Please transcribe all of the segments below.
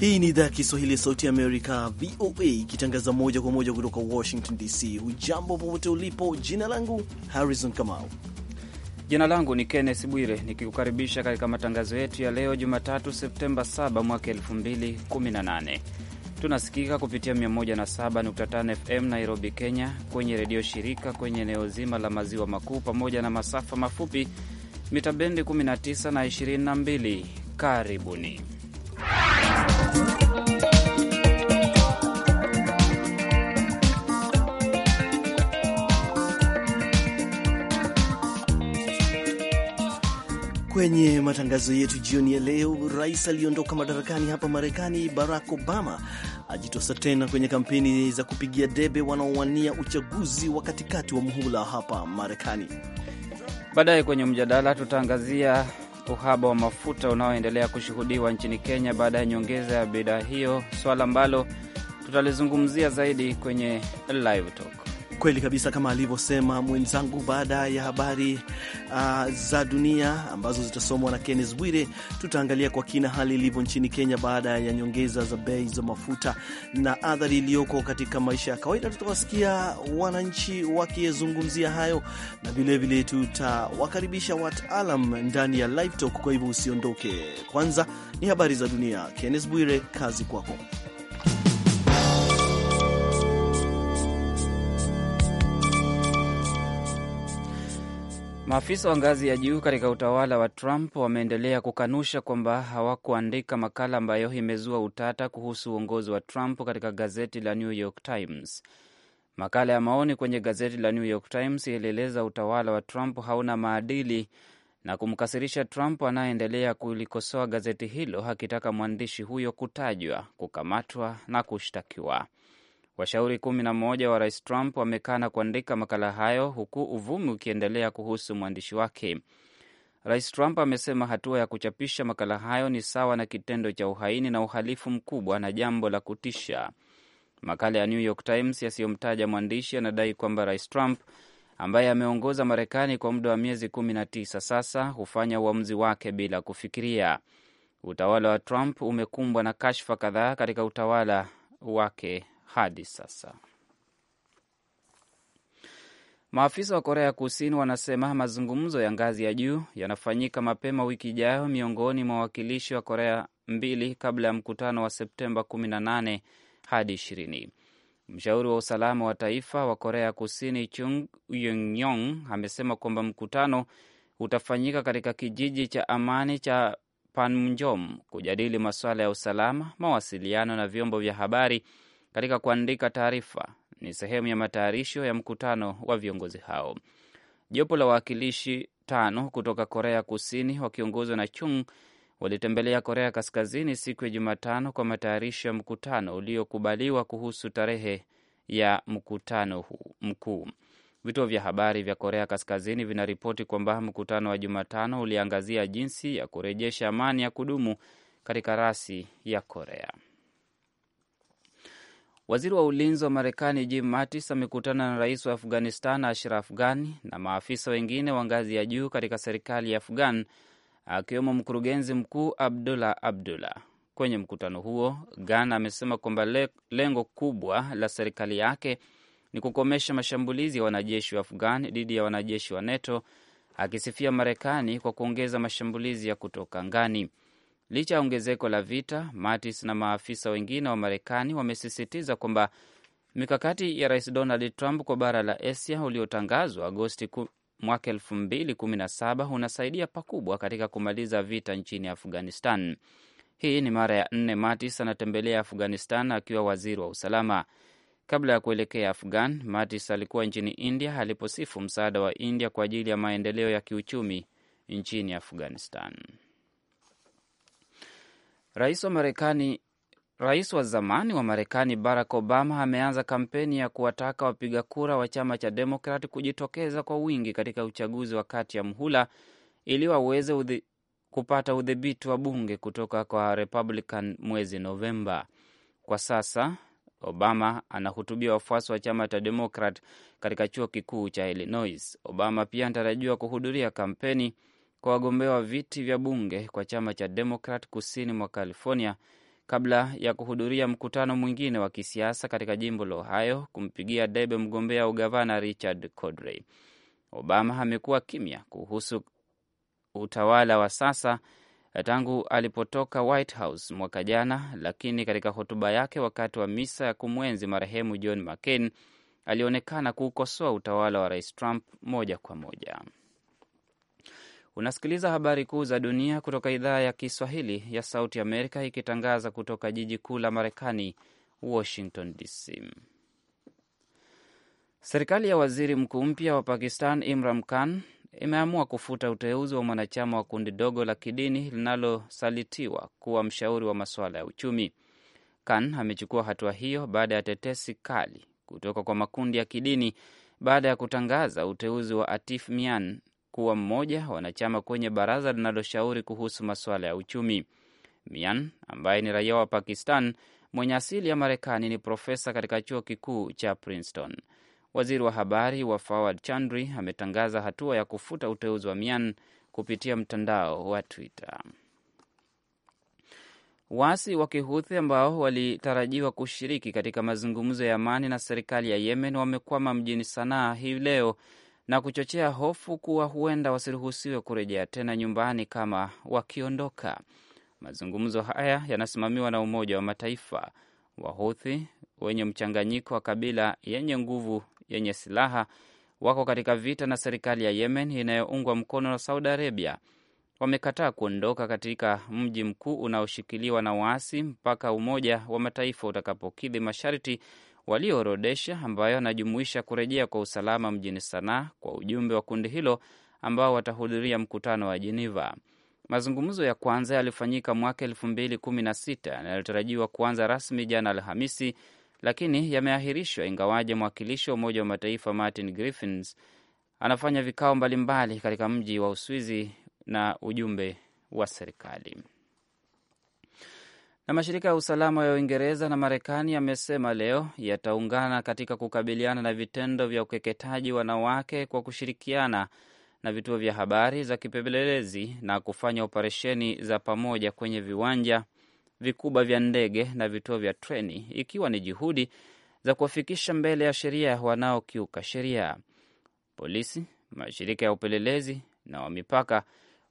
Hii ni idhaa ya Kiswahili ya Sauti ya Amerika, VOA, ikitangaza moja kwa moja kutoka Washington DC. Ujambo popote ulipo, jina langu Harrison Kamau. Jina langu ni Kenneth Bwire, nikikukaribisha katika matangazo yetu ya leo Jumatatu, Septemba 7 mwaka 2018. Tunasikika kupitia 107.5 FM Nairobi, Kenya, kwenye redio shirika kwenye eneo zima la maziwa makuu, pamoja na masafa mafupi mita bendi 19 na 22. Karibuni. Kwenye matangazo yetu jioni ya leo, rais aliyeondoka madarakani hapa Marekani Barack Obama ajitosa tena kwenye kampeni za kupigia debe wanaowania uchaguzi wa katikati wa muhula hapa Marekani. Baadaye kwenye mjadala tutaangazia uhaba wa mafuta unaoendelea kushuhudiwa nchini Kenya baada ya nyongeza ya bidhaa hiyo, swala ambalo tutalizungumzia zaidi kwenye Live Talk. Kweli kabisa kama alivyosema mwenzangu. Baada ya habari uh, za dunia ambazo zitasomwa na Kennes Bwire, tutaangalia kwa kina hali ilivyo nchini Kenya baada ya nyongeza za bei za mafuta na athari iliyoko katika maisha ya kawaida. Tutawasikia wananchi wakizungumzia hayo, na vilevile tutawakaribisha wataalam ndani ya Live Talk. Kwa hivyo usiondoke, kwanza ni habari za dunia. Kennes Bwire, kazi kwako. Maafisa wa ngazi ya juu katika utawala wa Trump wameendelea kukanusha kwamba hawakuandika makala ambayo imezua utata kuhusu uongozi wa Trump katika gazeti la New York Times. Makala ya maoni kwenye gazeti la New York Times ilieleza utawala wa Trump hauna maadili na kumkasirisha Trump anayeendelea kulikosoa gazeti hilo akitaka mwandishi huyo kutajwa, kukamatwa na kushtakiwa. Washauri kumi na mmoja wa rais Trump wamekana kuandika makala hayo, huku uvumi ukiendelea kuhusu mwandishi wake. Rais Trump amesema hatua ya kuchapisha makala hayo ni sawa na kitendo cha uhaini na uhalifu mkubwa na jambo la kutisha. Makala ya New York Times yasiyomtaja mwandishi yanadai kwamba rais Trump ambaye ameongoza Marekani kwa muda wa miezi 19 sasa hufanya uamuzi wake bila kufikiria. Utawala wa Trump umekumbwa na kashfa kadhaa katika utawala wake hadi sasa. Maafisa wa Korea Kusini wanasema mazungumzo ya ngazi ya juu yanafanyika mapema wiki ijayo miongoni mwa wawakilishi wa Korea mbili kabla ya mkutano wa Septemba 18 hadi 20. Mshauri wa usalama wa taifa wa Korea Kusini Chung yong amesema kwamba mkutano utafanyika katika kijiji cha amani cha Panmunjom kujadili masuala ya usalama, mawasiliano na vyombo vya habari katika kuandika taarifa ni sehemu ya matayarisho ya mkutano wa viongozi hao. Jopo la wawakilishi tano kutoka Korea Kusini wakiongozwa na Chung walitembelea Korea Kaskazini siku ya Jumatano kwa matayarisho ya mkutano uliokubaliwa kuhusu tarehe ya mkutano huu mkuu. Vituo vya habari vya Korea Kaskazini vinaripoti kwamba mkutano wa Jumatano uliangazia jinsi ya kurejesha amani ya kudumu katika rasi ya Korea. Waziri wa ulinzi wa Marekani Jim Mattis amekutana na rais wa Afghanistan Ashraf Ghani na maafisa wengine wa ngazi ya juu katika serikali ya Afghan, akiwemo mkurugenzi mkuu Abdullah Abdullah. Kwenye mkutano huo, Ghani amesema kwamba lengo kubwa la serikali yake ni kukomesha mashambulizi ya wanajeshi wa Afghan dhidi ya wanajeshi wa NATO, akisifia Marekani kwa kuongeza mashambulizi ya kutoka ngani. Licha ya ongezeko la vita, Mattis na maafisa wengine wa Marekani wamesisitiza kwamba mikakati ya Rais Donald Trump kwa bara la Asia uliotangazwa Agosti mwaka elfu mbili kumi na saba unasaidia pakubwa katika kumaliza vita nchini Afghanistan. Hii ni mara ya nne Mattis anatembelea Afghanistan akiwa waziri wa usalama. Kabla ya kuelekea Afghan, Mattis alikuwa nchini India aliposifu msaada wa India kwa ajili ya maendeleo ya kiuchumi nchini Afghanistan. Rais wa Marekani, rais wa zamani wa Marekani Barack Obama ameanza kampeni ya kuwataka wapiga kura wa chama cha Demokrat kujitokeza kwa wingi katika uchaguzi wa kati ya mhula ili waweze udhi, kupata udhibiti wa bunge kutoka kwa Republican mwezi Novemba. Kwa sasa Obama anahutubia wafuasi wa chama cha Demokrat katika chuo kikuu cha Illinois. Obama pia anatarajiwa kuhudhuria kampeni kwa wagombea wa viti vya bunge kwa chama cha Demokrat kusini mwa California kabla ya kuhudhuria mkutano mwingine wa kisiasa katika jimbo la Ohio kumpigia debe mgombea ugavana Richard Cordray. Obama amekuwa kimya kuhusu utawala wa sasa tangu alipotoka White House mwaka jana, lakini katika hotuba yake wakati wa misa ya kumwenzi marehemu John McCain alionekana kuukosoa utawala wa Rais Trump moja kwa moja. Unasikiliza habari kuu za dunia kutoka idhaa ya Kiswahili ya Sauti Amerika, ikitangaza kutoka jiji kuu la Marekani, Washington DC. Serikali ya waziri mkuu mpya wa Pakistan Imran Khan imeamua kufuta uteuzi wa mwanachama wa kundi dogo la kidini linalosalitiwa kuwa mshauri wa masuala ya uchumi. Khan amechukua hatua hiyo baada ya tetesi kali kutoka kwa makundi ya kidini baada ya kutangaza uteuzi wa Atif Mian kuwa mmoja wanachama kwenye baraza linaloshauri kuhusu masuala ya uchumi. Mian ambaye ni raia wa Pakistan mwenye asili ya Marekani ni profesa katika chuo kikuu cha Princeton. Waziri wa habari wa Fawad Chandri ametangaza hatua ya kufuta uteuzi wa Mian kupitia mtandao wa Twitter. Waasi wa Kihuthi ambao walitarajiwa kushiriki katika mazungumzo ya amani na serikali ya Yemen wamekwama mjini Sanaa hii leo na kuchochea hofu kuwa huenda wasiruhusiwe kurejea tena nyumbani kama wakiondoka. Mazungumzo haya yanasimamiwa na Umoja wa Mataifa. Wahuthi wenye mchanganyiko wa kabila yenye nguvu yenye silaha wako katika vita na serikali ya Yemen inayoungwa mkono na Saudi Arabia. Wamekataa kuondoka katika mji mkuu unaoshikiliwa na waasi mpaka Umoja wa Mataifa utakapokidhi masharti walioorodesha ambayo anajumuisha kurejea kwa usalama mjini Sanaa kwa ujumbe wa kundi hilo ambao watahudhuria mkutano wa Jeneva. Mazungumzo ya kwanza yalifanyika mwaka elfu mbili kumi na sita yanayotarajiwa kuanza rasmi jana Alhamisi, lakini yameahirishwa ingawaje mwakilishi wa Umoja wa Mataifa Martin Griffiths anafanya vikao mbalimbali katika mji wa Uswizi na ujumbe wa serikali. Na mashirika ya usalama ya Uingereza na Marekani yamesema leo yataungana katika kukabiliana na vitendo vya ukeketaji wanawake kwa kushirikiana na vituo vya habari za kipelelezi na kufanya operesheni za pamoja kwenye viwanja vikubwa vya ndege na vituo vya treni, ikiwa ni juhudi za kuwafikisha mbele ya sheria wanaokiuka sheria. Polisi, mashirika ya upelelezi na wa mipaka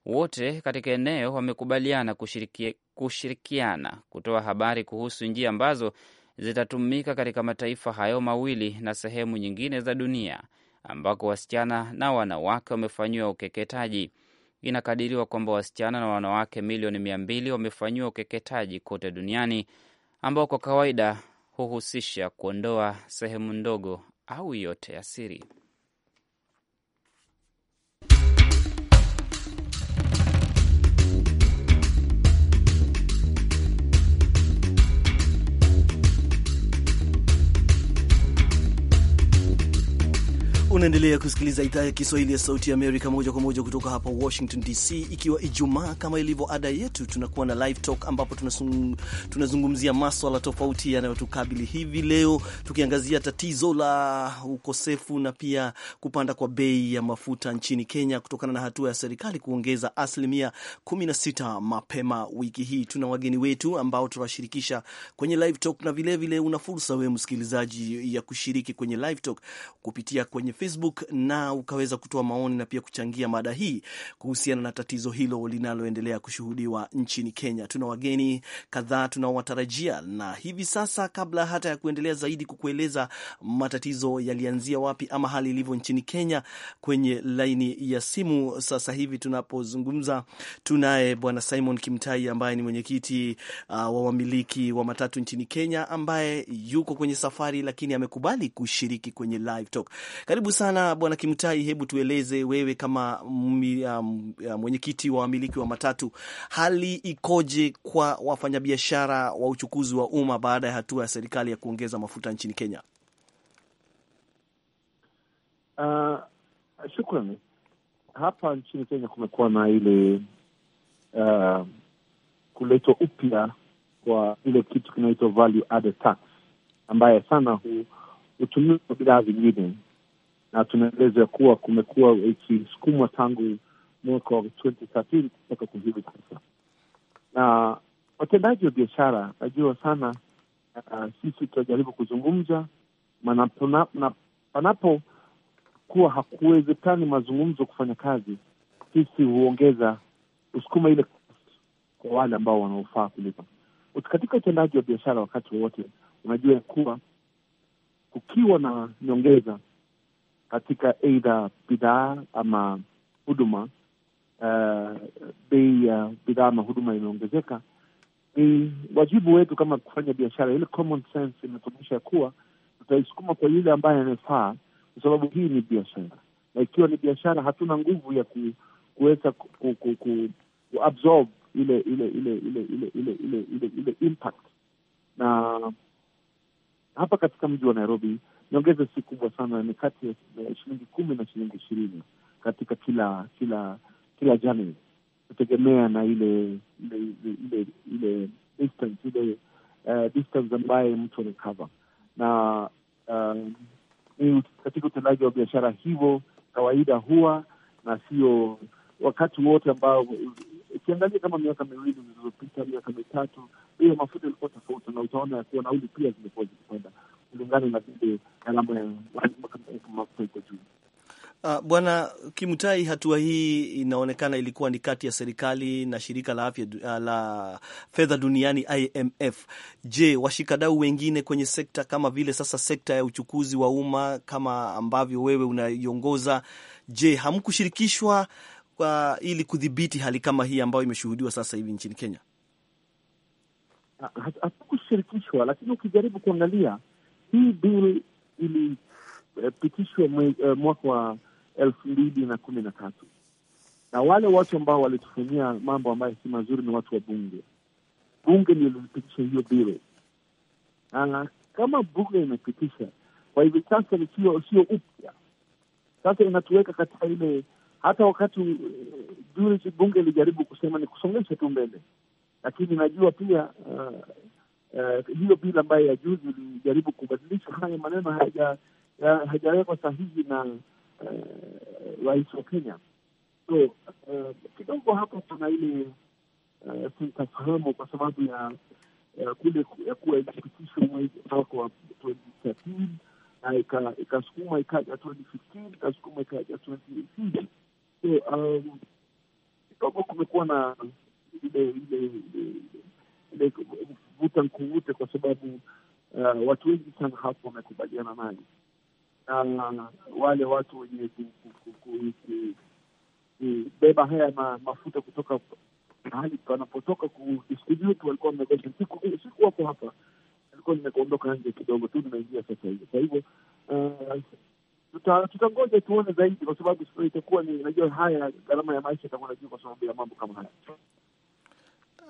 wote katika eneo wamekubaliana kushiriki, kushirikiana kutoa habari kuhusu njia ambazo zitatumika katika mataifa hayo mawili na sehemu nyingine za dunia ambako wasichana na wanawake wamefanyiwa ukeketaji. Inakadiriwa kwamba wasichana na wanawake milioni mia mbili wamefanyiwa ukeketaji kote duniani ambao kwa kawaida huhusisha kuondoa sehemu ndogo au yote ya siri. Unaendelea kusikiliza idhaa ya Kiswahili ya Sauti ya Amerika moja kwa moja kutoka hapa Washington DC, ikiwa Ijumaa kama ilivyo ada yetu, tunakuwa na live talk ambapo tunazungumzia maswala tofauti yanayotukabili hivi leo, tukiangazia tatizo la ukosefu na pia kupanda kwa bei ya mafuta nchini Kenya kutokana na hatua ya serikali kuongeza asilimia 16 mapema wiki hii. Tuna wageni wetu ambao tutawashirikisha kwenye live talk, na vilevile una fursa wewe msikilizaji ya kushiriki kwenye live talk kupitia kwenye Facebook na ukaweza kutoa maoni na pia kuchangia mada hii kuhusiana na tatizo hilo linaloendelea kushuhudiwa nchini Kenya. Tuna wageni kadhaa tunaowatarajia, na hivi sasa, kabla hata ya kuendelea zaidi kukueleza matatizo yalianzia wapi ama hali ilivyo nchini Kenya, kwenye laini ya simu sasa hivi tunapozungumza, tunaye Bwana Simon Kimtai ambaye ni mwenyekiti uh, wa wamiliki wa matatu nchini Kenya ambaye yuko kwenye safari lakini amekubali kushiriki kwenye live talk. Karibu karibu sana Bwana Kimtai, hebu tueleze wewe kama um, uh, mwenyekiti wa wamiliki wa matatu, hali ikoje kwa wafanyabiashara wa uchukuzi wa umma baada ya hatua ya serikali ya kuongeza mafuta nchini Kenya? Uh, shukrani. Hapa nchini Kenya kumekuwa na ile uh, kuletwa upya kwa ile kitu kinaitwa value added tax ambaye sana hutumiwa bidhaa vingine na tunaeleza kuwa kumekuwa ikisukumwa tangu mwaka wa 2013 mpaka kuhivi sasa, na watendaji wa biashara najua sana. Uh, sisi tunajaribu kuzungumza panapo kuwa hakuwezekani mazungumzo kufanya kazi, sisi huongeza husukuma ile kwa wale ambao wanaofaa kulipa. Katika utendaji wa biashara wakati wowote, unajua kuwa kukiwa na nyongeza katika aidha bidhaa ama huduma uh, bei ya uh, bidhaa ama huduma imeongezeka, ni wajibu wetu kama kufanya biashara. Ile common sense inatuonyesha kuwa tutaisukuma kwa yule ambaye anayefaa, kwa sababu hii ni biashara, na ikiwa ni biashara, hatuna nguvu ya ku, kuweza ku, ku, ku, ku, kuabsorb ile ile ile ile ile ile ile ile impact. Na hapa katika mji wa Nairobi nyongeza si kubwa sana, ni kati ya eh, shilingi kumi na shilingi ishirini katika kila kila kila jamii, kutegemea na ile ile ile ile distance ile uh, distance ambaye mtu anakava na eh, ni uh, katika utendaji wa biashara hivyo kawaida huwa na sio wakati wote ambao ukiangalia kama miaka miwili zilizopita, miaka mitatu, hiyo mafuta ilikuwa tofauti, na utaona ya kuwa nauli pia zimekuwa zikipanda kulingana na vile eh, gharama ya mafuta iko juu. Uh, Bwana Kimutai, hatua hii inaonekana ilikuwa ni kati ya serikali na shirika la afya ah, la fedha duniani IMF. Je, washikadau wengine kwenye sekta kama vile sasa sekta ya uchukuzi wa umma kama ambavyo wewe unaiongoza, je, hamkushirikishwa kwa ah, ili kudhibiti hali kama hii ambayo imeshuhudiwa sasa hivi nchini Kenya? Ah, Hatukushirikishwa, lakini ukijaribu kuangalia hii bill ilipitishwa eh, mwaka wa elfu mbili na kumi na tatu na wale watu ambao walitufanyia mambo ambayo si mazuri ni watu wa bunge. Bunge lilipitisha hiyo bill, na kama bunge imepitisha kwa hivi sasa sio upya. Sasa inatuweka katika ile, hata wakati eh, bunge ilijaribu kusema ni kusongesha tu mbele, lakini najua pia uh, Eh, hiyo uh, ambayo ya juzi ilijaribu kubadilisha haya maneno hajawekwa sahihi na eh, rais wa Kenya. So uh, kidogo hapo kuna ile uh, sintafahamu kwa sababu ya uh, kule ya kuwa ilipitishwa mwezi mwaka wa 2013 na ikasukuma ikaja 2015 ikasukuma ikaja 2018 so um, kidogo kumekuwa na ile ile ile vuta nkuvute, kwa sababu uh, watu wengi sana hapo wamekubaliana naye na wale watu wenye kubeba haya ma, mafuta kutoka mahali panapotoka kudistribute walikuwa wamegonja siku siku hapa, ilikuwa nimekuondoka nje kidogo tu, nimeingia sasa hivi. Kwa hivyo uh, tutangoja tuone zaidi, kwa sababu itakuwa ni, najua haya gharama ya maisha itakuwa najua, kwa sababu ya mambo kama haya.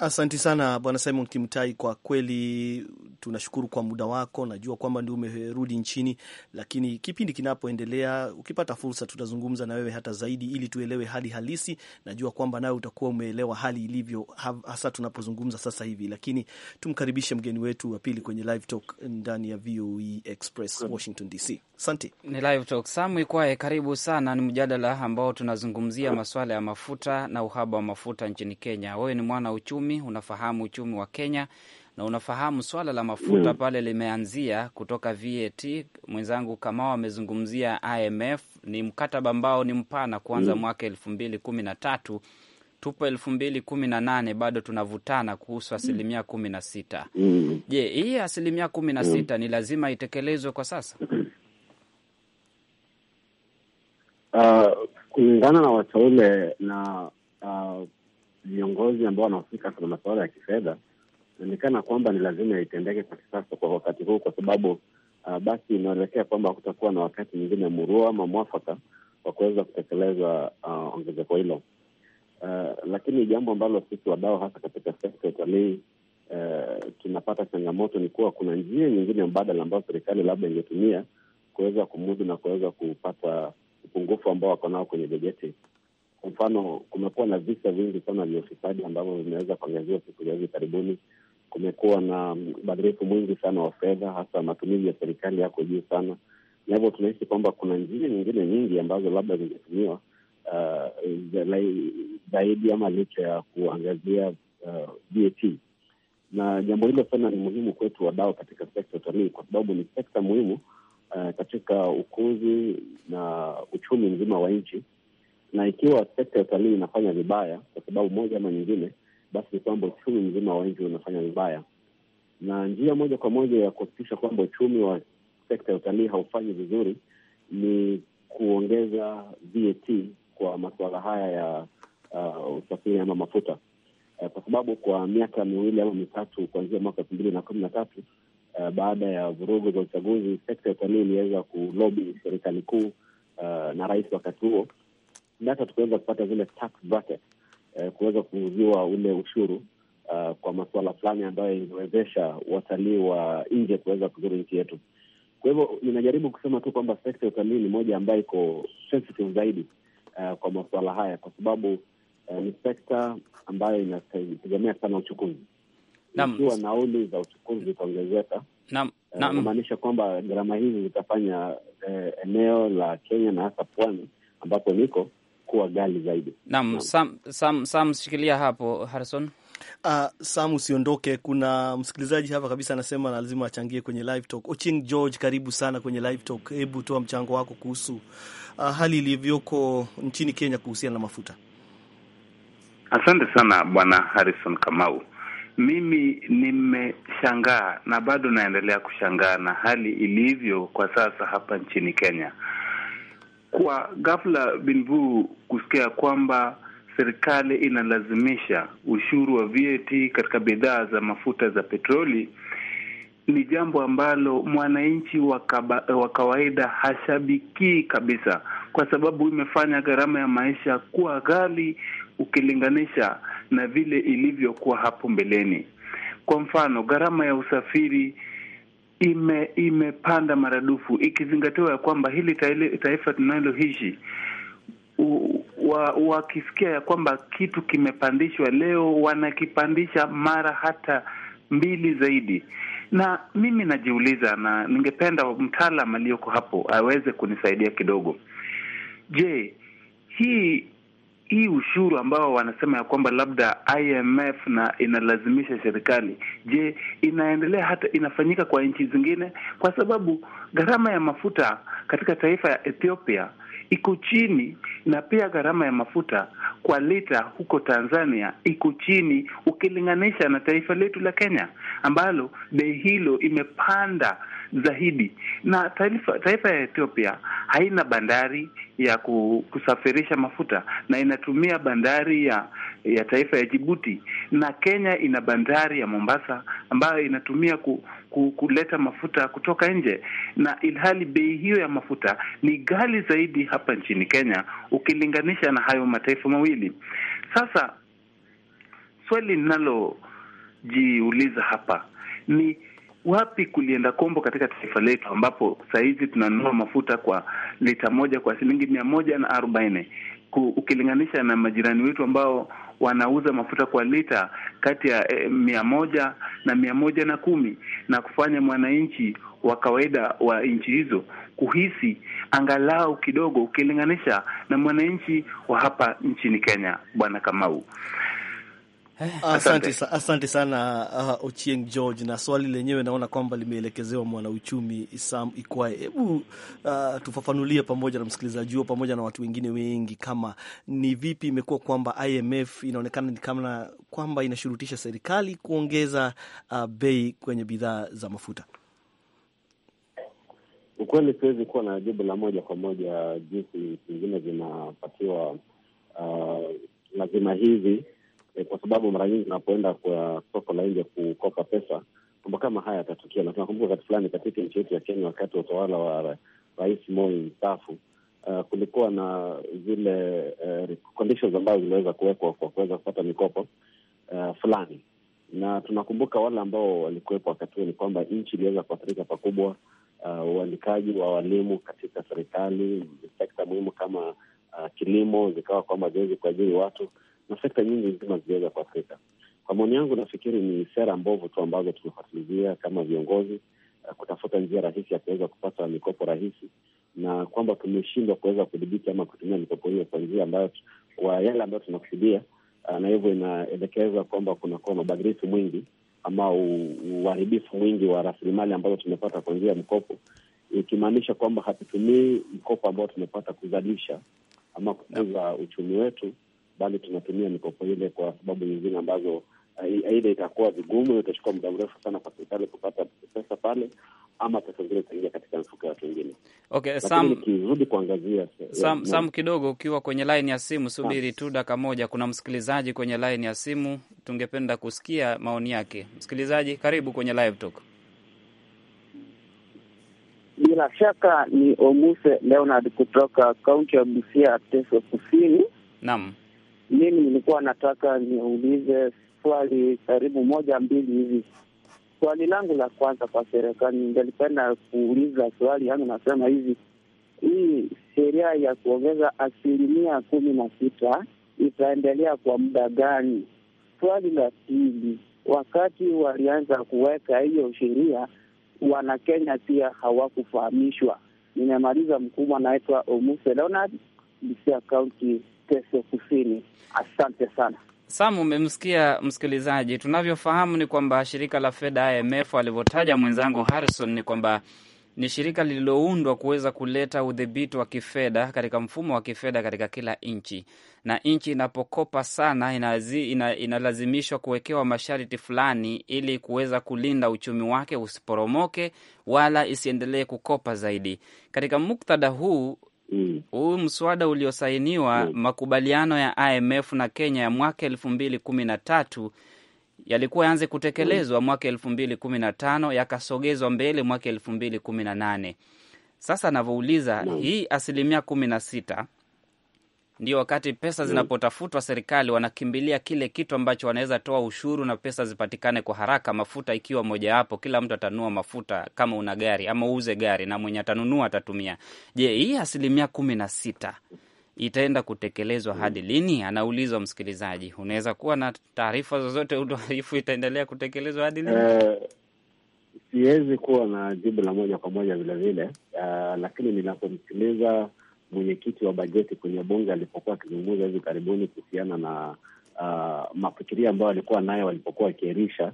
Asanti sana Bwana Simon Kimtai, kwa kweli tunashukuru kwa muda wako. Najua kwamba ndio umerudi nchini, lakini kipindi kinapoendelea, ukipata fursa, tutazungumza na wewe hata zaidi ili tuelewe hali halisi. Najua kwamba nawe utakuwa umeelewa hali ilivyo, hasa tunapozungumza sasa hivi. Lakini tumkaribishe mgeni wetu wa pili kwenye Live Talk ndani ya VOA e Express, Washington DC. Asante. Ni Live Talk. Samwi Kwae, karibu sana. Ni mjadala ambao tunazungumzia masuala ya mafuta na uhaba wa mafuta nchini Kenya. Wewe ni mwana uchumi uchumi, unafahamu uchumi wa Kenya na unafahamu swala la mafuta mm. pale limeanzia kutoka VAT. Mwenzangu Kamao amezungumzia IMF, ni mkataba ambao ni mpana kuanza mm. mwaka elfu mbili kumi na tatu tupo elfu mbili kumi na nane bado tunavutana kuhusu asilimia kumi na sita. Mm. Je, hii asilimia kumi na sita ni lazima itekelezwe kwa sasa? Uh, kulingana na wateule na uh, viongozi ambao wanahusika na masuala ya kifedha, inaonekana kwamba ni lazima itendeke kwa kisasa kwa wakati huu, kwa sababu uh, basi inaelekea kwamba kutakuwa na wakati mwingine murua ama mwafaka wa kuweza kutekeleza uh, ongezeko hilo. Uh, lakini jambo ambalo sisi wadau hasa katika sekta ya utalii uh, tunapata changamoto ni kuwa kuna njia nyingine mbadala ambayo serikali labda ingetumia kuweza kumudu na kuweza kupata upungufu ambao wako nao kwenye bajeti. Kwa mfano, kumekuwa na visa vingi sana vya ufisadi ambavyo vimeweza kuangaziwa siku za hivi karibuni. Kumekuwa na ubadhirifu mwingi sana wa fedha, hasa matumizi ya serikali yako juu sana, na hivyo tunahisi kwamba kuna njia nyingine nyingi ambazo labda zingetumiwa uh, zaidi uh, ama licha ya kuangazia uh, na jambo hilo sana ni muhimu kwetu wadau katika sekta ya utalii, kwa sababu ni sekta muhimu uh, katika ukuzi na uchumi mzima wa nchi, na ikiwa sekta ya utalii inafanya vibaya kwa sababu moja ama nyingine, basi ni kwamba uchumi mzima wa nchi unafanya vibaya, na njia moja kwa moja ya kuhakikisha kwamba uchumi wa sekta ya utalii haufanyi vizuri ni kuongeza VAT kwa masuala haya ya uh, usafiri ama mafuta uh, kwa sababu kwa miaka miwili ama mitatu kuanzia mwaka elfu mbili na kumi na tatu uh, baada ya vurugu za uchaguzi, sekta ya utalii iliweza kulobi serikali kuu uh, na rais wakati huo hata tukaweza kupata zile tax bracket eh, kuweza kuuziwa ule ushuru uh, kwa masuala fulani ambayo ingewezesha watalii wa nje kuweza kuzuru nchi yetu. Kwa hivyo ninajaribu kusema tu kwamba sekta ya utalii ni moja ambayo iko sensitive zaidi uh, kwa masuala haya kwa sababu uh, ni sekta ambayo inategemea sana uchukuzi. Ikiwa nauli za uchukuzi zitaongezeka eh, namaanisha uh, kwamba gharama hizi zitafanya uh, eneo la Kenya na hasa pwani ambapo niko kuwa gali zaidi. Naam, Sam, Sam, Sam, shikilia hapo Harrison. Uh, Sam usiondoke, kuna msikilizaji hapa kabisa anasema na lazima achangie kwenye live talk. Oching George, karibu sana kwenye live talk, hebu toa mchango wako kuhusu uh, hali ilivyoko nchini Kenya kuhusiana na mafuta. Asante sana bwana Harrison Kamau. Mimi nimeshangaa na bado naendelea kushangaa na hali ilivyo kwa sasa hapa nchini Kenya kwa ghafla binvu kusikia kwamba serikali inalazimisha ushuru wa VAT katika bidhaa za mafuta za petroli ni jambo ambalo mwananchi wa kawaida hashabikii kabisa, kwa sababu imefanya gharama ya maisha kuwa ghali ukilinganisha na vile ilivyokuwa hapo mbeleni. Kwa mfano, gharama ya usafiri ime- imepanda maradufu ikizingatiwa ya kwamba hili taifa tunaloishi wakisikia wa ya kwamba kitu kimepandishwa leo, wanakipandisha mara hata mbili zaidi. Na mimi najiuliza, na ningependa mtaalam aliyoko hapo aweze kunisaidia kidogo. Je, hii hii ushuru ambao wanasema ya kwamba labda IMF na inalazimisha serikali, je, inaendelea hata inafanyika kwa nchi zingine? Kwa sababu gharama ya mafuta katika taifa ya Ethiopia iko chini, na pia gharama ya mafuta kwa lita huko Tanzania iko chini ukilinganisha na taifa letu la Kenya ambalo bei hilo imepanda zaidi, na taifa, taifa ya Ethiopia haina bandari ya kusafirisha mafuta na inatumia bandari ya ya taifa ya Jibuti, na Kenya ina bandari ya Mombasa ambayo inatumia ku, ku, kuleta mafuta kutoka nje, na ilhali bei hiyo ya mafuta ni ghali zaidi hapa nchini Kenya ukilinganisha na hayo mataifa mawili. Sasa swali linalojiuliza hapa ni wapi kulienda kombo katika taifa letu, ambapo sahizi tunanunua mafuta kwa lita moja kwa shilingi mia moja na arobaini ukilinganisha na majirani wetu ambao wanauza mafuta kwa lita kati ya eh, mia moja na mia moja na kumi na kufanya mwananchi wa kawaida wa nchi hizo kuhisi angalau kidogo ukilinganisha na mwananchi wa hapa nchini Kenya. Bwana Kamau, Eh, asante, asante sana uh, Ochieng George, na swali lenyewe naona kwamba limeelekezewa mwanauchumi Sam Ikwae. Hebu uh, tufafanulie pamoja na msikilizaji huo pamoja na watu wengine wengi, kama ni vipi imekuwa kwamba IMF inaonekana ni kama kwamba inashurutisha serikali kuongeza uh, bei kwenye bidhaa za mafuta. Ukweli siwezi kuwa na jibu la moja kwa moja jinsi zingine zinapatiwa uh, lazima hivi e, kwa sababu mara nyingi unapoenda kwa soko la nje kukopa pesa mambo kama haya yatatukia, na tunakumbuka wakati fulani katika nchi yetu ya Kenya wakati wa utawala wa Rais Moi mstaafu, uh, kulikuwa na zile uh, conditions ambazo ziliweza kuwekwa kwa kuweza kupata mikopo uh, fulani, na tunakumbuka wale ambao walikuwepo wakati huo ni kwamba nchi iliweza kuathirika pakubwa. Uandikaji wa walimu katika serikali, sekta muhimu kama uh, kilimo zikawa kwamba ziwezi kuajiri watu na sekta nyingi nzima ziliweza kuathirika. Kwa maoni yangu, nafikiri ni sera mbovu tu ambazo tumefuatilia kama viongozi, eh, kutafuta njia rahisi ya kuweza kupata mikopo rahisi, na kwamba tumeshindwa kuweza kudhibiti ama kutumia mikopo hiyo kwa njia ambayo kwa yale ambayo tunakusudia, eh, na hivyo inaelekeza kwamba kunakuwa mabadhirifu mwingi ama uharibifu mwingi wa rasilimali ambazo tumepata kwa njia ya mkopo, ikimaanisha kwamba hatutumii mkopo ambao tumepata kuzalisha ama kukuza uchumi wetu bali tunatumia mikopo ile kwa sababu nyingine ambazo eh, aidha itakuwa vigumu, itachukua muda mrefu sana kwa serikali kupata pesa pale, ama pesa zile zitaingia katika mfuko ya watu wengine. Okay, Sam, nikirudi kuangazia Sam, Sam kidogo, ukiwa kwenye laini ya simu subiri tu dakika moja, kuna msikilizaji kwenye laini ya simu, tungependa kusikia maoni yake. Msikilizaji, karibu kwenye live talk. Bila shaka ni Omuse Leonard kutoka kaunti ya Busia, Teso Kusini. Naam mimi nilikuwa nataka niulize swali karibu moja mbili hivi. Swali langu la kwanza kwa serikali, ningelipenda kuuliza swali yangu, nasema hivi, hii sheria ya kuongeza asilimia kumi na sita itaendelea kwa muda gani? Swali la pili, wakati walianza kuweka hiyo sheria, Wanakenya pia hawakufahamishwa. Nimemaliza. Mkubwa anaitwa Omuse Leonard, Busia Kaunti. Mateso Kusini. Asante sana Sam. Umemsikia msikilizaji, tunavyofahamu ni kwamba shirika la fedha IMF alivyotaja mwenzangu Harrison ni kwamba ni shirika lililoundwa kuweza kuleta udhibiti wa kifedha katika mfumo wa kifedha katika kila nchi, na nchi inapokopa sana inazi, ina, inalazimishwa kuwekewa masharti fulani ili kuweza kulinda uchumi wake usiporomoke wala isiendelee kukopa zaidi. Katika muktadha huu Mm. huu mm. mswada uliosainiwa mm. makubaliano ya IMF na Kenya ya mwaka elfu mbili kumi na tatu yalikuwa yaanze kutekelezwa mm. mwaka elfu mbili kumi na tano yakasogezwa mbele mwaka elfu mbili kumi na nane Sasa anavyouliza mm. hii asilimia kumi na sita ndio wakati pesa mm. zinapotafutwa, serikali wanakimbilia kile kitu ambacho wanaweza toa ushuru na pesa zipatikane kwa haraka, mafuta ikiwa mojawapo. Kila mtu atanua mafuta, kama una gari ama uuze gari, na mwenye atanunua atatumia. Je, hii asilimia kumi na sita itaenda kutekelezwa mm. hadi lini? Anaulizwa msikilizaji. Unaweza kuwa na taarifa zozote, utaarifu itaendelea kutekelezwa hadi lini? Uh, siwezi kuwa na jibu la moja kwa moja vilevile, uh, eh, lakini ninapomsikiliza mwenyekiti wa bajeti kwenye bunge alipokuwa akizungumza hivi karibuni kuhusiana na uh, mafikiria ambayo walikuwa nayo walipokuwa wakiairisha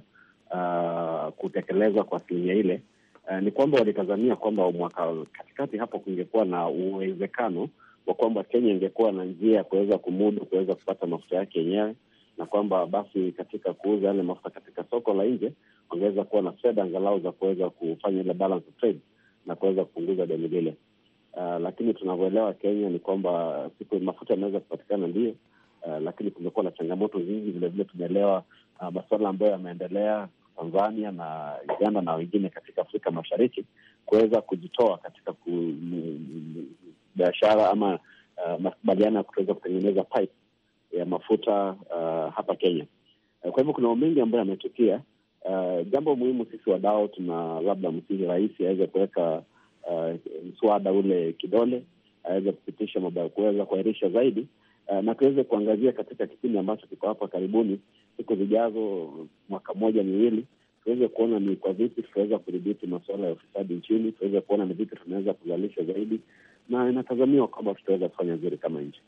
uh, kutekelezwa kwa asilimia ile uh, ni kwamba walitazamia kwamba mwaka katikati hapo kungekuwa na uwezekano wa kwamba Kenya ingekuwa na njia ya kuweza kumudu kuweza kupata mafuta yake yenyewe na kwamba basi katika kuuza yale mafuta katika soko la nje wangeweza kuwa na fedha angalau za kuweza kufanya ile balance of trade na kuweza kupunguza deni lile uh, lakini tunavyoelewa Kenya ni kwamba siku mafuta yanaweza kupatikana ndio, uh, lakini kumekuwa na changamoto nyingi vilevile. Tumeelewa uh, masuala ambayo yameendelea Tanzania na Uganda na wengine katika Afrika Mashariki kuweza kujitoa katika ku, biashara ama uh, makubaliano ya kutoweza kutengeneza pipe ya mafuta uh, hapa Kenya. Uh, kwa hivyo kuna mengi ambayo yametukia. Uh, jambo muhimu sisi wadau tuna labda msihi rahisi aweze kuweka uh, mswada ule kidole aweze kupitisha mambo ya kuweza kuahirisha zaidi uh, na tuweze kuangazia katika kipindi ambacho kiko hapa karibuni, siku zijazo, mwaka mmoja miwili, tuweze kuona ni kwa vipi tutaweza kudhibiti masuala ya ufisadi nchini, tuweze kuona ni vipi tunaweza kuzalisha zaidi, na inatazamiwa kwamba tutaweza kufanya vizuri kama nchi.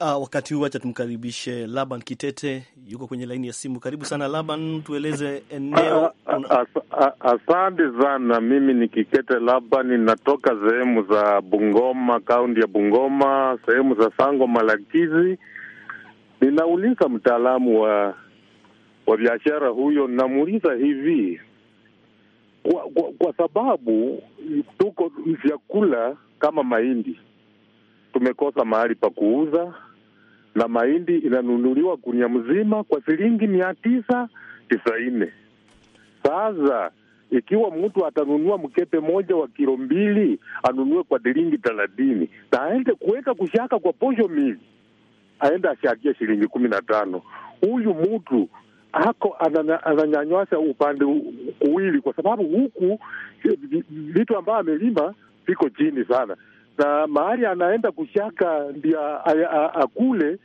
Uh, wakati huu acha tumkaribishe Laban Kitete, yuko kwenye laini ya simu. Karibu sana Laban, tueleze eneo. Ah, ah, asante sana, mimi ni Kikete Laban, natoka sehemu za Bungoma, kaunti ya Bungoma, sehemu za Sango Malakizi. Ninauliza mtaalamu wa wa biashara huyo, namuuliza hivi kwa, kwa, kwa sababu tuko vyakula kama mahindi tumekosa mahali pa kuuza, na mahindi inanunuliwa gunia mzima kwa shilingi mia tisa tisaini. Sasa ikiwa mtu atanunua mkepe moja wa kilo mbili anunue kwa shilingi thelathini na aende kuweka kushaka kwa posho mili, aende ashakie shilingi kumi na tano. Huyu mtu ako ananyanywasha upande kuwili, kwa sababu huku eh, vitu ambayo amelima viko chini sana na mahali anaenda kushaka ndio akule,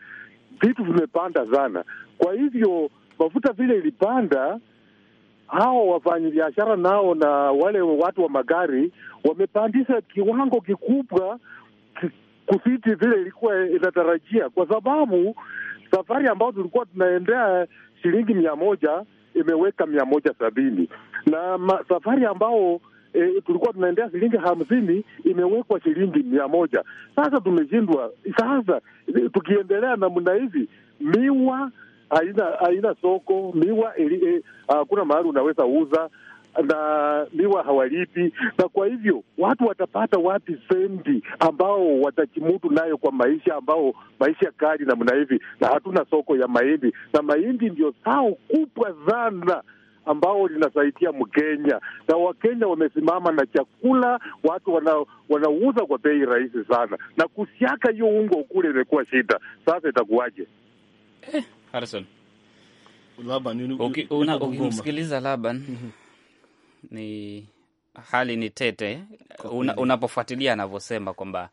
vitu vimepanda sana. Kwa hivyo mafuta vile ilipanda, hao wafanyabiashara nao na wale watu wa magari wamepandisha kiwango kikubwa kusiti vile ilikuwa inatarajia, kwa sababu safari ambayo tulikuwa tunaendea shilingi mia moja imeweka mia moja sabini na safari ambao e, tulikuwa tunaendea shilingi hamsini imewekwa shilingi mia moja. Sasa tumeshindwa sasa, e, tukiendelea namna hivi miwa haina haina soko, miwa e, hakuna e, mahali unaweza uza na miwa hawalipi, na kwa hivyo watu watapata wapi sendi ambao watachimutu nayo kwa maisha, ambao maisha kali namna hivi, na hatuna soko ya mahindi, na mahindi ndio sao kubwa sana ambao linasaidia Mkenya na Wakenya wamesimama na chakula, watu wana, wanauza kwa bei rahisi sana, na kusiaka hiyo ungo kule imekuwa shida. Sasa itakuwaje? Eh, Harrison ukimsikiliza Laban mhm. ni hali ni tete, unapofuatilia una anavyosema kwamba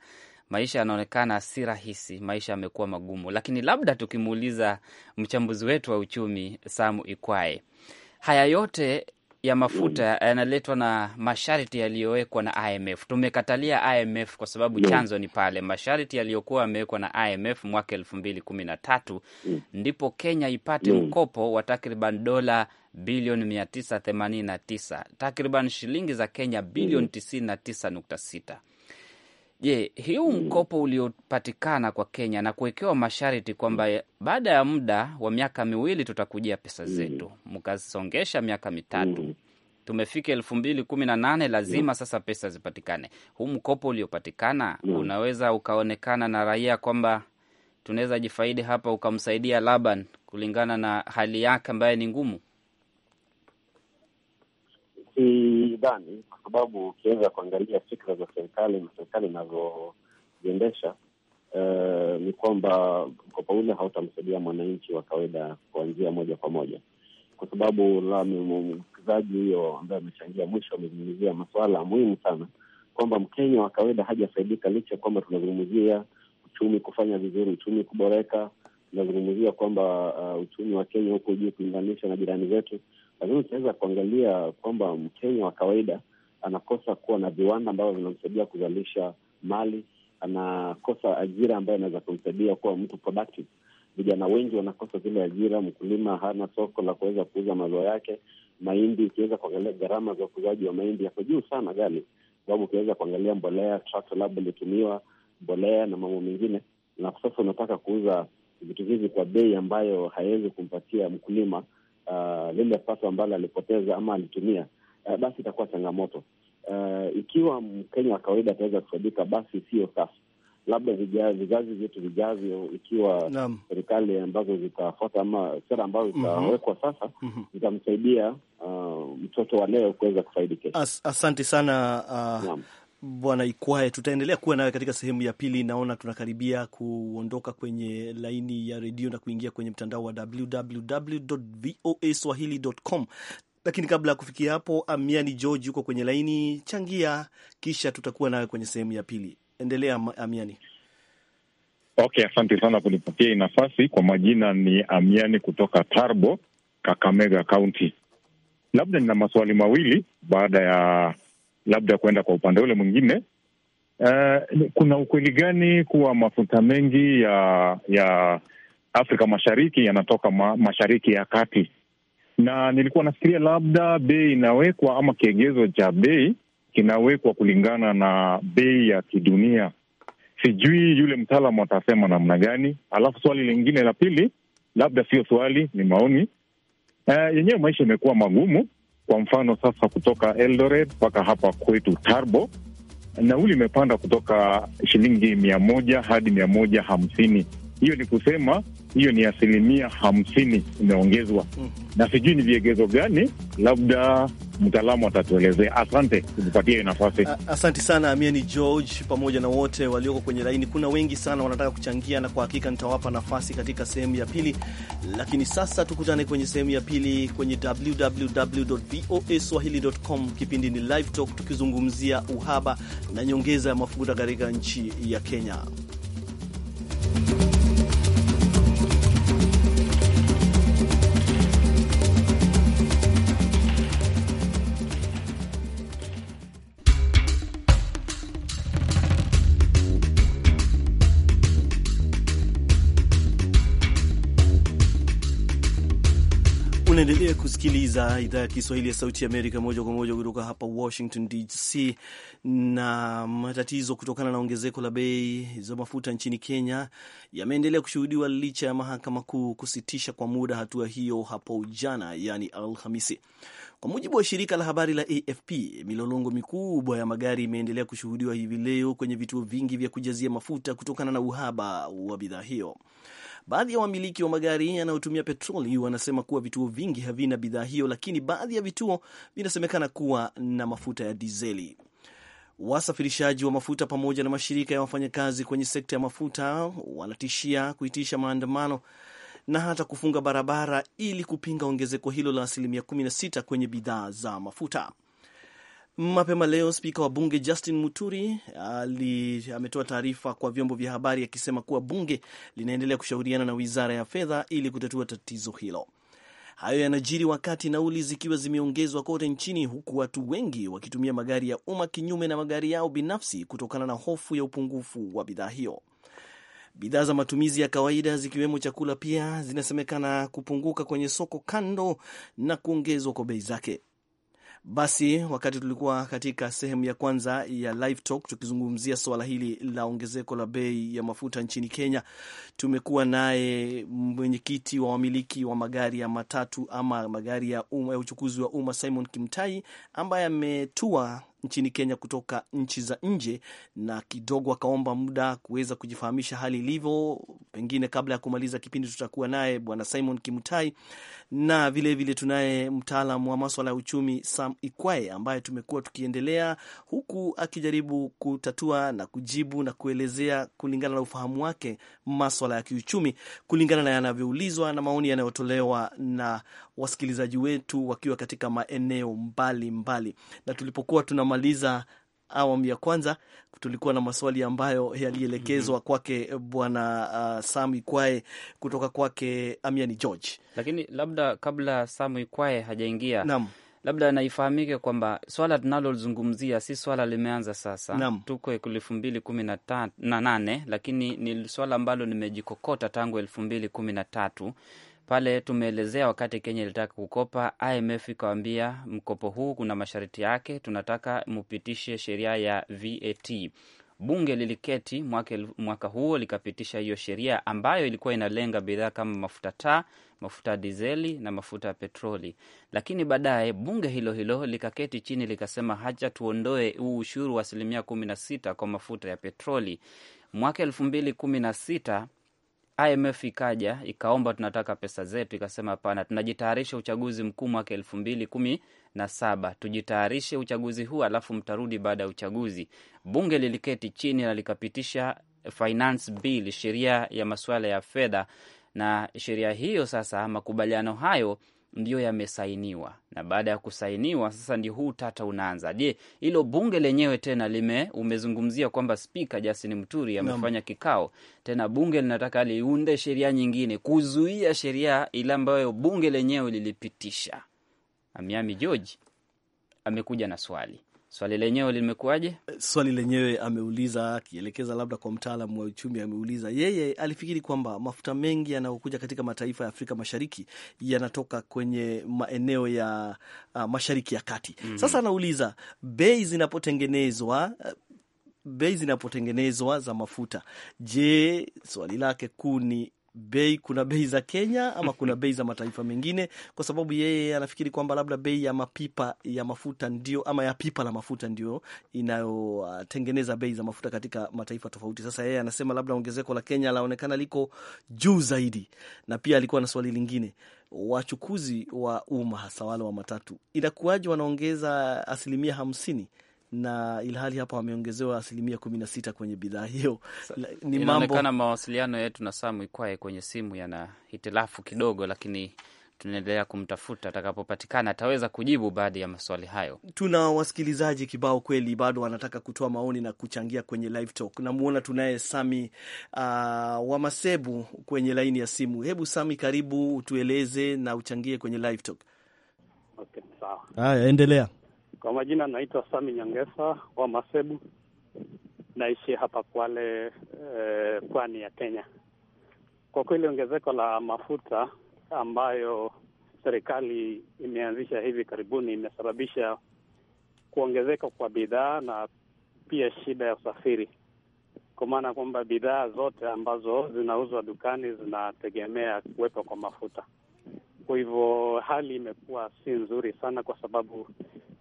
maisha yanaonekana si rahisi, maisha yamekuwa magumu, lakini labda tukimuuliza mchambuzi wetu wa uchumi Samu Ikwae Haya yote ya mafuta yanaletwa na masharti yaliyowekwa na IMF. Tumekatalia IMF kwa sababu chanzo ni pale masharti yaliyokuwa yamewekwa na IMF mwaka elfu mbili kumi na tatu mm. ndipo Kenya ipate mm. mkopo wa takriban dola bilioni mia tisa themanini na tisa takriban shilingi za Kenya bilioni mm. tisini na tisa nukta sita Je, huu mm. mkopo uliopatikana kwa Kenya na kuwekewa masharti kwamba mm. baada ya muda wa miaka miwili tutakujia pesa mm. zetu, mkasongesha miaka mitatu, tumefika elfu mbili kumi na nane lazima sasa pesa zipatikane. Huu mkopo uliopatikana unaweza ukaonekana na raia kwamba tunaweza jifaidi hapa, ukamsaidia Laban kulingana na hali yake ambaye ni ngumu. Sidhani, kwa sababu ukiweza kuangalia fikra za serikali na serikali inazoziendesha uh, ni kwamba mkopo ule hautamsaidia mwananchi wa kawaida kwa njia moja kwa moja, kwa sababu la mwekezaji huyo ambaye amechangia mwisho amezungumzia masuala muhimu sana, kwamba Mkenya wa kawaida hajafaidika, licha ya kwamba tunazungumzia uchumi kufanya vizuri, uchumi kuboreka. Tunazungumzia kwamba uh, uchumi wa Kenya huko juu kulinganisha na jirani zetu lakini ukiweza kuangalia kwamba Mkenya wa kawaida anakosa kuwa na viwanda ambavyo vinamsaidia kuzalisha mali, anakosa ajira ambayo inaweza kumsaidia kuwa mtu productive. Vijana wengi wanakosa zile ajira, mkulima hana soko la kuweza kuuza mazao yake. Mahindi, ukiweza kuangalia gharama za ukuzaji wa mahindi yako juu sana, gali sababu, ukiweza kuangalia mbolea, trakta labda ilitumiwa mbolea na mambo mengine, na sasa unataka kuuza vitu hivi kwa bei ambayo haiwezi kumpatia mkulima uh, lile pato ambalo alipoteza ama alitumia, uh, basi itakuwa changamoto. Uh, ikiwa Mkenya wa kawaida ataweza kufaidika, basi sio sasa, labda vizazi vyetu vijavyo, ikiwa serikali ambazo zitafuata ama sera ambazo mhm. zitawekwa mm -hmm. sasa mm -hmm. zitamsaidia uh, mtoto wa leo kuweza kufaidi kesho. As, asante sana uh, Bwana Ikwae, tutaendelea kuwa nawe katika sehemu ya pili. Naona tunakaribia kuondoka kwenye laini ya redio na kuingia kwenye mtandao wa www.voaswahili.com, lakini kabla ya kufikia hapo, Amiani George yuko kwenye laini. Changia, kisha tutakuwa nawe kwenye sehemu ya pili. Endelea Amiani. Okay, asante sana kunipatia hii nafasi. Kwa majina ni Amiani kutoka Tarbo, Kakamega Kaunti. Labda nina maswali mawili baada ya labda kuenda kwa upande ule mwingine. Uh, kuna ukweli gani kuwa mafuta mengi ya ya Afrika Mashariki yanatoka ma, Mashariki ya Kati? Na nilikuwa nafikiria labda bei inawekwa ama kiegezo cha bei kinawekwa kulingana na bei ya kidunia. Sijui yule mtaalamu atasema namna gani. Alafu swali lingine la pili, labda sio swali, ni maoni uh, yenyewe maisha imekuwa magumu kwa mfano sasa, kutoka Eldoret mpaka hapa kwetu Tarbo, nauli imepanda kutoka shilingi mia moja hadi mia moja hamsini hiyo ni kusema hiyo ni asilimia hamsini imeongezwa mm. na sijui ni viegezo gani, labda mtaalamu atatuelezea. Asante kutupatia hiyo nafasi. Asante sana Amieni George pamoja na wote walioko kwenye laini. Kuna wengi sana wanataka kuchangia, na kwa hakika nitawapa nafasi katika sehemu ya pili, lakini sasa tukutane kwenye sehemu ya pili kwenye www.voaswahili.com. Kipindi ni Live Talk tukizungumzia uhaba na nyongeza ya mafuta katika nchi ya Kenya. Unaendelea kusikiliza idhaa ya Kiswahili ya Sauti ya Amerika moja kwa moja kutoka hapa Washington DC. Na matatizo kutokana na ongezeko la bei za mafuta nchini Kenya yameendelea kushuhudiwa licha ya mahakama kuu kusitisha kwa muda hatua hiyo hapo jana, yani Alhamisi. Kwa mujibu wa shirika la habari la AFP, milolongo mikubwa ya magari imeendelea kushuhudiwa hivi leo kwenye vituo vingi vya kujazia mafuta kutokana na uhaba wa bidhaa hiyo. Baadhi ya wamiliki wa magari yanayotumia petroli wanasema kuwa vituo vingi havina bidhaa hiyo, lakini baadhi ya vituo vinasemekana kuwa na mafuta ya dizeli. Wasafirishaji wa mafuta pamoja na mashirika ya wafanyakazi kwenye sekta ya mafuta wanatishia kuitisha maandamano na hata kufunga barabara ili kupinga ongezeko hilo la asilimia 16 kwenye bidhaa za mafuta. Mapema leo spika wa bunge Justin Muturi ali, ametoa taarifa kwa vyombo vya habari akisema kuwa bunge linaendelea kushauriana na wizara ya fedha ili kutatua tatizo hilo. Hayo yanajiri wakati nauli zikiwa zimeongezwa kote nchini, huku watu wengi wakitumia magari ya umma kinyume na magari yao binafsi kutokana na hofu ya upungufu wa bidhaa hiyo. Bidhaa za matumizi ya kawaida zikiwemo chakula pia zinasemekana kupunguka kwenye soko kando na kuongezwa kwa bei zake. Basi wakati tulikuwa katika sehemu ya kwanza ya live talk tukizungumzia suala hili la ongezeko la bei ya mafuta nchini Kenya, tumekuwa naye mwenyekiti wa wamiliki wa magari ya matatu ama magari ya, um, ya uchukuzi wa umma Simon Kimtai ambaye ametua nchini Kenya kutoka nchi za nje, na kidogo akaomba muda kuweza kujifahamisha hali ilivyo. Pengine kabla ya kumaliza kipindi tutakuwa naye Bwana Simon Kimutai na vilevile tunaye mtaalam wa maswala ya uchumi Sam Ikwae ambaye tumekuwa tukiendelea huku akijaribu kutatua na kujibu na kuelezea kulingana na ufahamu wake maswala ya kiuchumi kulingana na yanavyoulizwa na maoni yanayotolewa na wasikilizaji wetu wakiwa katika maeneo mbalimbali mbali. na tulipokuwa tuna kumaliza awamu ya kwanza tulikuwa na maswali ambayo yalielekezwa mm -hmm. kwake bwana uh, Sam Ikwae kutoka kwake Amiani George. Lakini labda kabla Sam Ikwae hajaingia, naam, labda naifahamike kwamba swala tunalozungumzia si swala limeanza sasa. Naam. tuko elfu mbili kumi na nane, lakini ni swala ambalo limejikokota tangu elfu mbili kumi na tatu pale tumeelezea wakati Kenya ilitaka kukopa, IMF ikawambia mkopo huu kuna masharti yake, tunataka mupitishe sheria ya VAT. Bunge liliketi mwaka, mwaka huo likapitisha hiyo sheria ambayo ilikuwa inalenga bidhaa kama mafuta taa, mafuta ya dizeli na mafuta ya petroli. Lakini baadaye bunge hilo hilo likaketi chini likasema, hacha tuondoe huu ushuru wa asilimia kumi na sita kwa mafuta ya petroli. Mwaka elfu mbili kumi na sita IMF ikaja ikaomba tunataka pesa zetu, ikasema hapana, tunajitayarisha uchaguzi mkuu mwaka elfu mbili kumi na saba, tujitayarishe uchaguzi huu alafu mtarudi baada ya uchaguzi. Bunge liliketi chini na likapitisha finance bill, sheria ya masuala ya fedha, na sheria hiyo sasa, makubaliano hayo ndiyo yamesainiwa, na baada ya kusainiwa sasa ndio huu tata unaanza. Je, hilo bunge lenyewe tena lime, umezungumzia kwamba spika Justin Muturi amefanya kikao tena, bunge linataka liunde sheria nyingine kuzuia sheria ile ambayo bunge lenyewe lilipitisha. Amiami George amekuja na swali Swali lenyewe limekuwaje? Swali lenyewe ameuliza, akielekeza labda kwa mtaalam wa uchumi, ameuliza yeye alifikiri kwamba mafuta mengi yanayokuja katika mataifa ya Afrika Mashariki yanatoka kwenye maeneo ya uh, Mashariki ya Kati. mm -hmm. Sasa anauliza bei zinapotengenezwa uh, bei zinapotengenezwa za mafuta. Je, swali lake kuu ni bei, kuna bei za Kenya ama kuna bei za mataifa mengine, kwa sababu yeye anafikiri kwamba labda bei ya mapipa ya mafuta ndio ama ya pipa la mafuta ndio inayotengeneza bei za mafuta katika mataifa tofauti. Sasa yeye anasema labda ongezeko la Kenya laonekana liko juu zaidi, na pia alikuwa na swali lingine wachukuzi wa umma hasa wale wa matatu, inakuwaje wanaongeza asilimia hamsini na ilhali hapa wameongezewa asilimia kumi na sita kwenye bidhaa hiyo. Ni mambo mawasiliano yetu na Samu Ikwae kwenye simu yana hitilafu kidogo, lakini tunaendelea kumtafuta, atakapopatikana ataweza kujibu baadhi ya maswali hayo. Tuna wasikilizaji kibao kweli, bado wanataka kutoa maoni na kuchangia kwenye live talk. Namwona tunaye Sami uh, wa Masebu kwenye laini ya simu. Hebu Sami, karibu utueleze na uchangie kwenye live talk. Okay, sawa. Haya, endelea. Kwa majina naitwa Sami Nyongesa wa Masebu, naishi hapa Kwale, eh, pwani ya Kenya. Kwa kweli ongezeko la mafuta ambayo serikali imeanzisha hivi karibuni imesababisha kuongezeka kwa bidhaa na pia shida ya usafiri, kwa maana kwamba bidhaa zote ambazo zinauzwa dukani zinategemea kuwepo kwa mafuta. Kwa hivyo hali imekuwa si nzuri sana, kwa sababu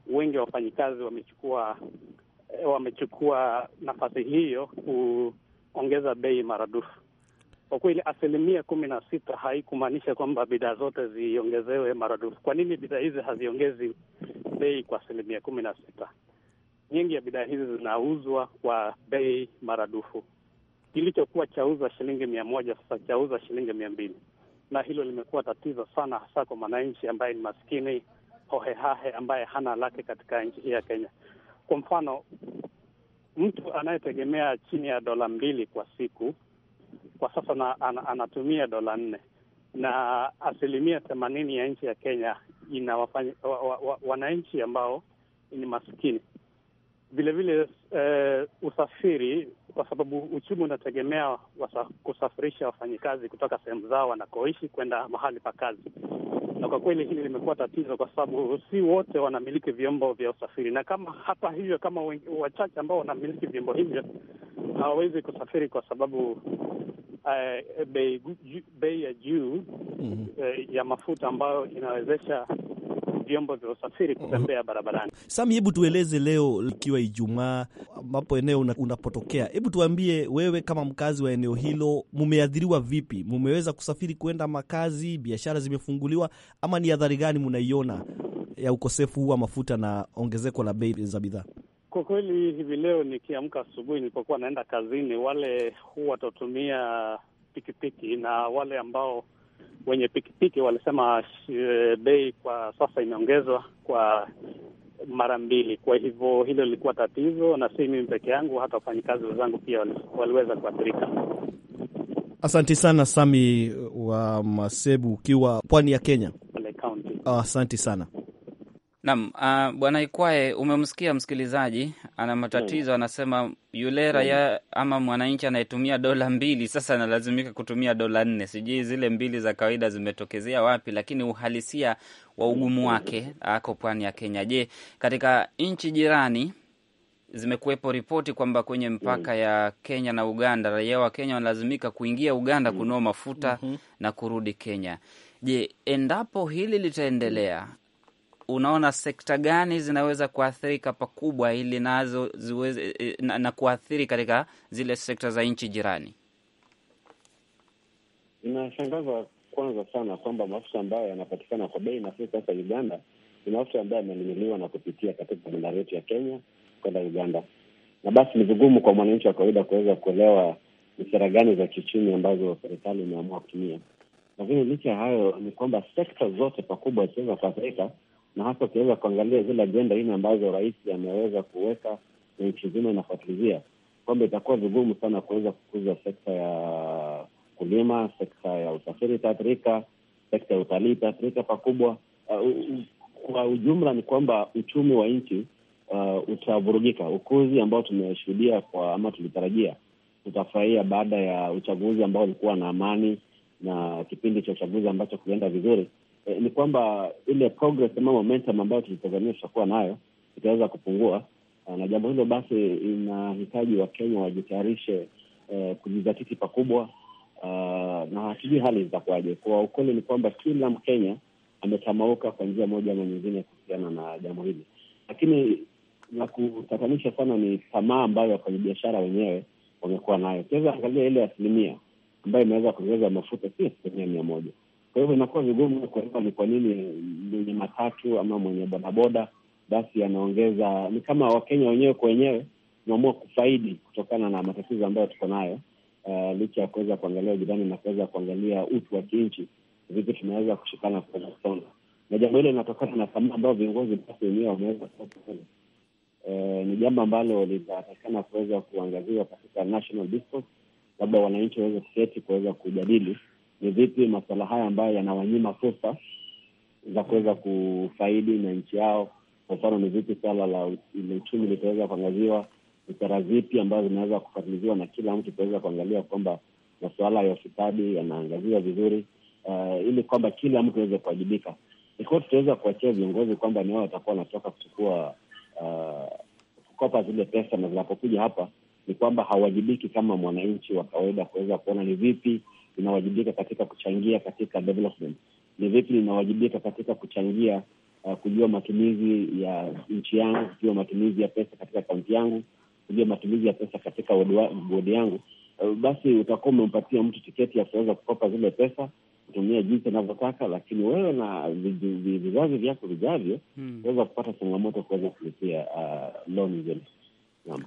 wengi wa wafanyikazi wamechukua eh, wamechukua nafasi hiyo kuongeza bei maradufu. Kwa kweli, asilimia kumi na sita haikumaanisha kwamba bidhaa zote ziongezewe maradufu. Kwa nini bidhaa hizi haziongezi bei kwa asilimia kumi na sita? Nyingi ya bidhaa hizi zinauzwa kwa bei maradufu. Kilichokuwa chauza shilingi mia moja sasa chauza shilingi mia mbili na hilo limekuwa tatizo sana, hasa kwa mwananchi ambaye ni maskini hohehahe ambaye hana lake katika nchi hii ya Kenya. Kwa mfano, mtu anayetegemea chini ya dola mbili kwa siku kwa sasa na, an, anatumia dola nne na asilimia themanini ya nchi ya Kenya ina wafanya, wa, wa, wa, wananchi ambao ni maskini vilevile. Eh, usafiri kwa sababu uchumi unategemea wasa, kusafirisha wafanyikazi kutoka sehemu zao wanakoishi kwenda mahali pa kazi na kwa kweli hili limekuwa tatizo, kwa sababu si wote wanamiliki vyombo vya usafiri, na kama hata hivyo, kama wachache ambao wanamiliki vyombo hivyo hawawezi kusafiri kwa sababu Uh, bei ya juu mm -hmm. uh, ya mafuta ambayo inawezesha vyombo vya usafiri kutembea barabarani. Sami, hebu tueleze leo, ikiwa Ijumaa, ambapo eneo unapotokea, hebu tuambie wewe kama mkazi wa eneo hilo, mumeathiriwa vipi? Mumeweza kusafiri kuenda makazi, biashara zimefunguliwa, ama ni adhari gani mnaiona ya ukosefu huu wa mafuta na ongezeko la bei za bidhaa? Kwa kweli hivi leo nikiamka asubuhi, nilipokuwa naenda kazini, wale huwa watatumia pikipiki na wale ambao wenye pikipiki walisema eh, bei kwa sasa imeongezwa kwa mara mbili. Kwa hivyo hilo lilikuwa tatizo, na si mimi peke yangu, hata wafanyikazi wenzangu pia waliweza kuathirika. asanti sana Sami wa Masebu, ukiwa pwani ya Kenya. Asanti sana. Naam, uh, Bwana Ikwae, umemsikia msikilizaji ana matatizo mm. Anasema yule raia ama mwananchi anayetumia dola mbili sasa analazimika kutumia dola nne. Sijui zile mbili za kawaida zimetokezea wapi, lakini uhalisia wa ugumu wake ako pwani ya Kenya. Je, katika nchi jirani zimekuwepo ripoti kwamba kwenye mpaka mm. ya Kenya na Uganda raia wa Kenya wanalazimika kuingia Uganda mm. kunua mafuta mm -hmm. na kurudi Kenya. Je, endapo hili litaendelea, unaona sekta gani zinaweza kuathirika pakubwa, ili nazo ziweze eh, na, na kuathiri katika zile sekta za nchi jirani? Inashangaza kwanza sana kwamba mafuta ambayo yanapatikana kwa bei nafuu sasa Uganda ni mafuta ambayo yamenunuliwa na kupitia katika bandari yetu ya Kenya kwenda Uganda, na basi ni vigumu kwa mwananchi wa kawaida kuweza kuelewa ni sera gani za kiuchumi ambazo serikali imeamua kutumia. Lakini licha ya hayo ni kwamba sekta zote pakubwa zikiweza kuathirika kwa na hasa ukiweza kuangalia zile ajenda nne ambazo rais ameweza kuweka na nchi zima inafuatilizia kwamba itakuwa vigumu sana kuweza kukuza sekta ya kulima, sekta ya usafiri itaathirika, sekta ya utalii itaathirika pakubwa. Uh, kwa ujumla ni kwamba uchumi wa nchi uh, utavurugika. Ukuzi ambao tumeshuhudia kwa ama tulitarajia tutafurahia baada ya uchaguzi ambao ulikuwa na amani na kipindi cha uchaguzi ambacho kulienda vizuri eh, ni kwamba ile progress ama momentum ambayo tulitazamia tutakuwa nayo itaweza kupungua, eh, na jambo hilo basi inahitaji Wakenya wajitayarishe eh, kujizatiti pakubwa. Uh, na hatujui hali zitakuwaje. Kwa ukweli ni kwamba kila Mkenya ametamauka kwa njia moja ama nyingine kuhusiana na jambo hili, lakini la kutatanisha sana ni tamaa ambayo wafanyabiashara wenyewe wamekuwa nayo. Tuweza angalia ile asilimia ambayo imeweza kuongeza mafuta, si asilimia mia moja. Kwa hivyo inakuwa vigumu kuelewa ni kwa nini mwenye matatu ama mwenye bodaboda basi anaongeza. Ni kama Wakenya wenyewe kwa wenyewe tunaamua kufaidi kutokana na matatizo ambayo tuko nayo. Uh, licha ya kuweza kuangalia jirani na kuweza kuangalia utu wa kinchi, vipi tunaweza kushikana kuweza kusonga, na jambo hilo linatokana na tamaa ambayo viongozi basi wenyewe wameweza eh, ni jambo ambalo litatakikana kuweza kuangaziwa katika national discourse, labda wananchi waweze kuketi kuweza kujadili ni vipi masuala haya ambayo yanawanyima fursa za kuweza kufaidi na nchi yao. Kwa mfano, ni vipi suala la uchumi litaweza kuangaziwa? Ni sera zipi ambazo zinaweza kufatiliziwa na kila mtu kuweza kuangalia kwamba masuala ya ufisadi yanaangaziwa vizuri, uh, ili kwamba kila mtu aweze kuwajibika. Ikiwa tutaweza kuachia viongozi kwamba ni wao watakuwa wanatoka kuchukua uh, kukopa zile pesa, na zinapokuja hapa ni kwamba hawajibiki kama mwananchi wa kawaida kuweza kuona ni vipi inawajibika katika kuchangia katika development, ni vipi linawajibika katika kuchangia uh, kujua matumizi ya nchi yangu, kujua matumizi ya pesa katika kaunti yangu, kujua matumizi ya pesa katika wodi yangu. Uh, basi utakuwa umempatia mtu tiketi ya kuweza kukopa zile pesa kutumia jinsi anavyotaka, lakini wewe na vizazi vyako vijavyo kuweza hmm. kupata changamoto kuweza kulipia uh, loan zile. Naam.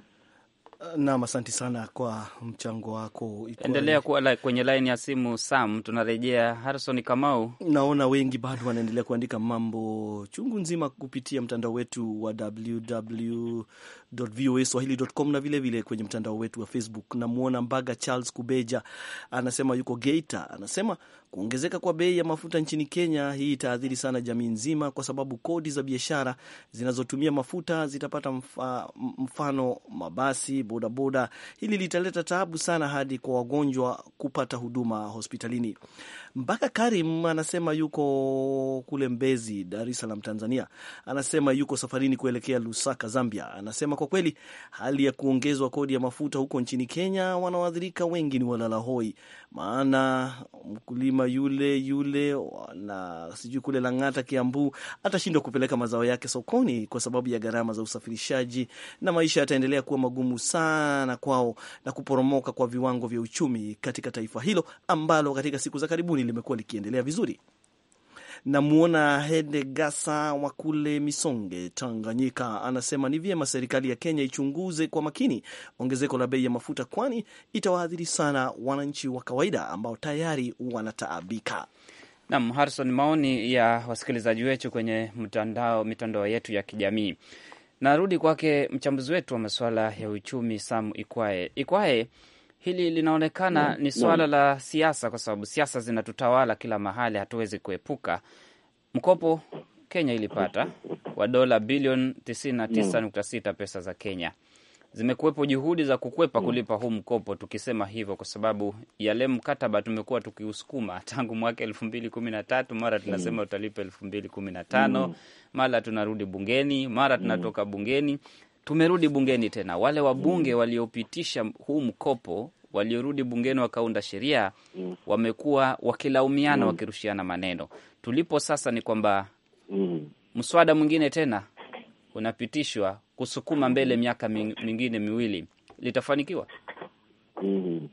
Nam, asante sana kwa mchango wako. Endelea kuwa like, kwenye laini ya simu Sam. Tunarejea Harison Kamau. Naona wengi bado wanaendelea kuandika mambo chungu nzima kupitia mtandao wetu wa www voaswahili.com na vilevile vile kwenye mtandao wetu wa Facebook. Namwona Mbaga Charles Kubeja anasema yuko Geita, anasema kuongezeka kwa bei ya mafuta nchini Kenya, hii itaathiri sana jamii nzima, kwa sababu kodi za biashara zinazotumia mafuta zitapata mfa, mfano mabasi, bodaboda. Hili litaleta taabu sana hadi kwa wagonjwa kupata huduma hospitalini. Mpaka Karim anasema yuko kule Mbezi, Dar es Salaam, Tanzania, anasema yuko safarini kuelekea Lusaka, Zambia, anasema kwa kweli hali ya kuongezwa kodi ya mafuta huko nchini Kenya, wanaoathirika wengi ni walalahoi, maana mkulima yule yule na sijui kule Lang'ata, Kiambu atashindwa kupeleka mazao yake sokoni kwa sababu ya gharama za usafirishaji, na maisha yataendelea kuwa magumu sana kwao na kuporomoka kwa viwango vya uchumi katika taifa hilo ambalo katika siku za karibuni limekuwa likiendelea vizuri. Namwona Hede Gasa wa kule Misonge, Tanganyika, anasema ni vyema serikali ya Kenya ichunguze kwa makini ongezeko la bei ya mafuta, kwani itawaathiri sana wananchi wa kawaida ambao tayari wanataabika. Nam Harison, maoni ya wasikilizaji wetu kwenye mtandao, mitandao yetu ya kijamii. Narudi kwake mchambuzi wetu wa masuala ya uchumi Sam Ikwae. Ikwae, hili linaonekana ni swala no. la siasa, kwa sababu siasa zinatutawala kila mahali, hatuwezi kuepuka. Mkopo Kenya ilipata wa dola bilioni 99.6 no. pesa za Kenya. Zimekuwepo juhudi za kukwepa kulipa huu mkopo, tukisema hivyo kwa sababu yale mkataba tumekuwa tukiusukuma tangu mwaka elfu mbili kumi na tatu. Mara tunasema utalipa elfu mbili kumi na tano hmm. mara tunarudi bungeni, mara tunatoka bungeni tumerudi bungeni tena, wale wabunge mm. waliopitisha huu mkopo waliorudi bungeni wakaunda sheria mm. wamekuwa wakilaumiana mm. wakirushiana maneno. Tulipo sasa ni kwamba mm. mswada mm. mwingine tena unapitishwa kusukuma mbele miaka mingine miwili, litafanikiwa mm.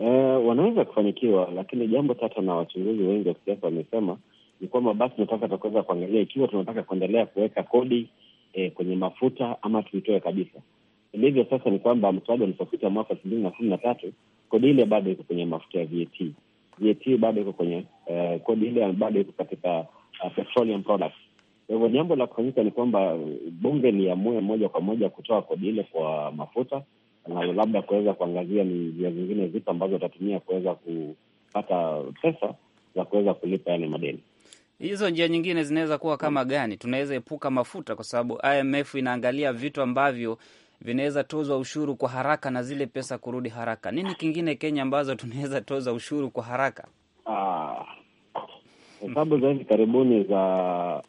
E, wanaweza kufanikiwa, lakini jambo tata na wachunguzi wengi wa kisiasa wamesema ni kwamba basi tunataka takuweza kuangalia ikiwa tunataka kuendelea kuweka kodi e, kwenye mafuta ama tuitoe kabisa. Ilivyo sasa ni kwamba mswada ulipopita mwaka elfu mbili na kumi na tatu kodi ile bado iko kwenye mafuta ya VAT. VAT bado iko kwenye eh, kodi ile bado iko katika uh, petroleum products. Kwa hivyo jambo la kufanyika ni kwamba eh, bunge liamue moja kwa moja kutoa kodi ile kwa mafuta na labda kuweza kuangazia ni njia zingine zipo ambazo watatumia kuweza kupata pesa za kuweza kulipa yale madeni. Hizo njia nyingine zinaweza kuwa kama gani? Tunaweza epuka mafuta, kwa sababu IMF inaangalia vitu ambavyo vinaweza tozwa ushuru kwa haraka na zile pesa kurudi haraka. Nini kingine Kenya ambazo tunaweza toza ushuru kwa haraka? Ah, hesabu ah, za hivi karibuni za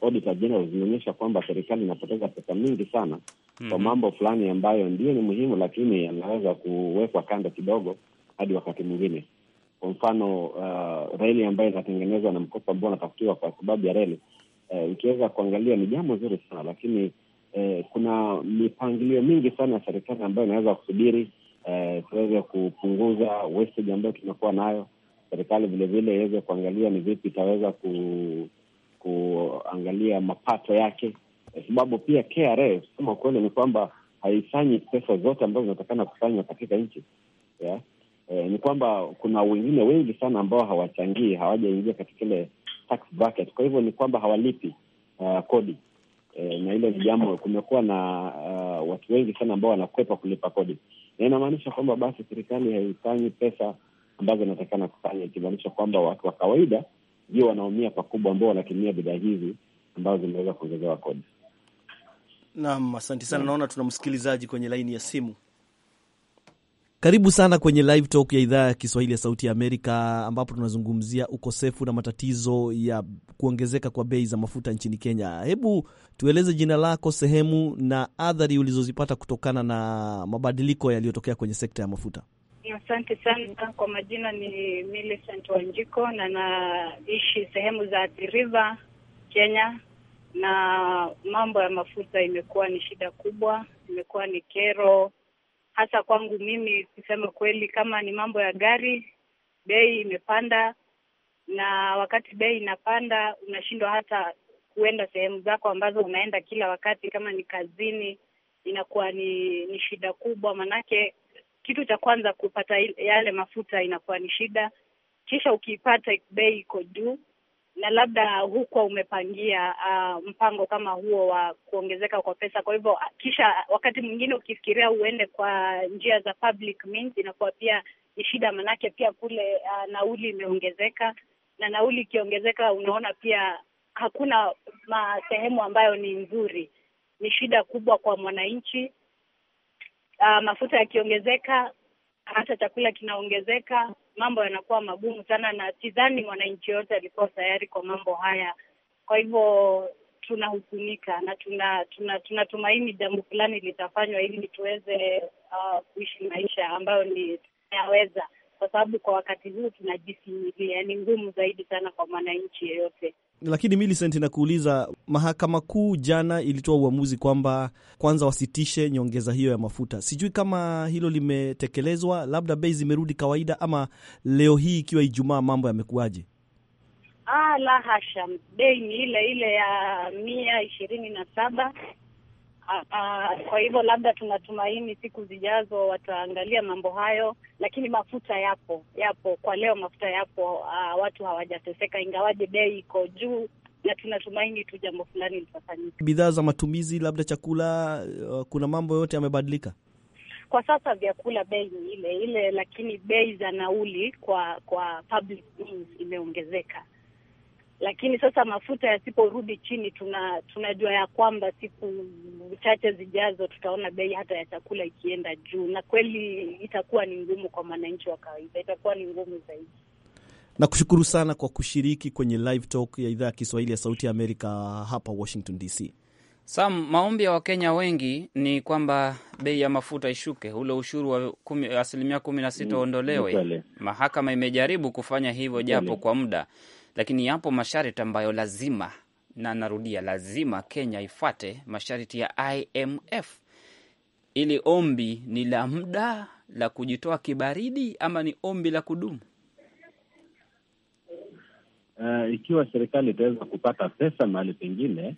Auditor General zinaonyesha kwamba serikali inapoteza pesa mingi sana kwa mm -hmm. mambo fulani ambayo ndio ni muhimu, lakini yanaweza kuwekwa kando kidogo hadi wakati mwingine kwa mfano uh, reli ambayo inatengenezwa na mkopo ambao unatafutiwa kwa sababu ya reli uh, ukiweza kuangalia ni jambo zuri sana, lakini uh, kuna mipangilio mingi sana ya serikali ambayo inaweza kusubiri uh, tuweze uh, kupunguza wastage ambayo tumekuwa nayo. Serikali vilevile iweze kuangalia ni vipi itaweza ku, kuangalia mapato yake, kwa sababu pia KRA kusema ukweli ni kwamba haisanyi pesa zote ambazo zinatakana kufanywa katika nchi yeah eh, ni kwamba kuna wengine wengi sana ambao hawachangii, hawajaingia katika ile tax bracket. Kwa hivyo ni kwamba hawalipi uh, kodi eh, na ile ni jambo, kumekuwa na uh, watu wengi sana ambao wanakwepa kulipa kodi, na inamaanisha kwamba basi serikali haifanyi pesa ambazo inatakikana kufanya, ikimaanisha kwamba watu wa kawaida ndio wanaumia pakubwa, ambao wanatumia bidhaa hizi ambazo zimeweza kuongezewa kodi. Naam, asante sana. Naona tuna msikilizaji kwenye laini ya simu. Karibu sana kwenye live talk ya idhaa ya Kiswahili ya Sauti ya Amerika, ambapo tunazungumzia ukosefu na matatizo ya kuongezeka kwa bei za mafuta nchini Kenya. Hebu tueleze jina lako, sehemu na athari ulizozipata kutokana na mabadiliko yaliyotokea kwenye sekta ya mafuta. Asante sana kwa majina, ni Millicent Wanjiko na naishi sehemu za Athi River, Kenya, na mambo ya mafuta imekuwa ni shida kubwa, imekuwa ni kero hasa kwangu mimi, kusema kweli, kama ni mambo ya gari, bei imepanda, na wakati bei inapanda unashindwa hata kuenda sehemu zako ambazo unaenda kila wakati, kama ni kazini, inakuwa ni ni shida kubwa, manake kitu cha kwanza kupata yale mafuta inakuwa ni shida, kisha ukiipata bei iko juu na labda huko umepangia uh, mpango kama huo wa kuongezeka kwa pesa. Kwa hivyo uh, kisha wakati mwingine ukifikiria uende kwa njia za public means inakuwa pia ni shida, manake pia kule uh, nauli imeongezeka, na nauli ikiongezeka, unaona pia hakuna sehemu ambayo ni nzuri, ni shida kubwa kwa mwananchi. Uh, mafuta yakiongezeka, hata chakula kinaongezeka mambo yanakuwa magumu sana, na sidhani mwananchi yote alikuwa tayari kwa mambo haya. Kwa hivyo tunahuzunika na tuna tunatumaini tuna jambo fulani litafanywa ili tuweze uh, kuishi maisha ambayo ni tunayaweza, kwa sababu kwa wakati huu tunajisimilia, ni ngumu zaidi sana kwa mwananchi yeyote. Lakini Millicent, nakuuliza, mahakama kuu jana ilitoa uamuzi kwamba kwanza wasitishe nyongeza hiyo ya mafuta. Sijui kama hilo limetekelezwa, labda bei zimerudi kawaida, ama leo hii ikiwa Ijumaa mambo yamekuwaje? Ah, la hasha, bei ni ile ile ya mia ishirini na saba Ah, ah, kwa hivyo labda tunatumaini siku zijazo wataangalia mambo hayo, lakini mafuta yapo, yapo kwa leo, mafuta yapo. Aa, ah, watu hawajateseka, ingawaje bei iko juu, na tunatumaini tu jambo fulani litafanyika. Bidhaa za matumizi, labda chakula, uh, kuna mambo yote yamebadilika kwa sasa. Vyakula bei ni ile ile, lakini bei za nauli kwa kwa public means imeongezeka lakini sasa mafuta yasiporudi chini, tuna tunajua ya kwamba siku chache zijazo tutaona bei hata ya chakula ikienda juu, na kweli itakuwa ni ngumu kwa mwananchi wa kawaida, itakuwa ni ngumu zaidi. Nakushukuru sana kwa kushiriki kwenye live talk ya idhaa ya Kiswahili ya Sauti ya Amerika hapa Washington DC. Sam, maombi ya Wakenya wengi ni kwamba bei ya mafuta ishuke, ule ushuru wa asilimia kumi na sita mm, uondolewe. Mahakama imejaribu kufanya hivyo japo kwa muda lakini yapo masharti ambayo lazima, na narudia, lazima Kenya ifuate masharti ya IMF. Ili ombi ni la muda la kujitoa kibaridi ama ni ombi la kudumu? Uh, ikiwa serikali itaweza kupata pesa mahali pengine,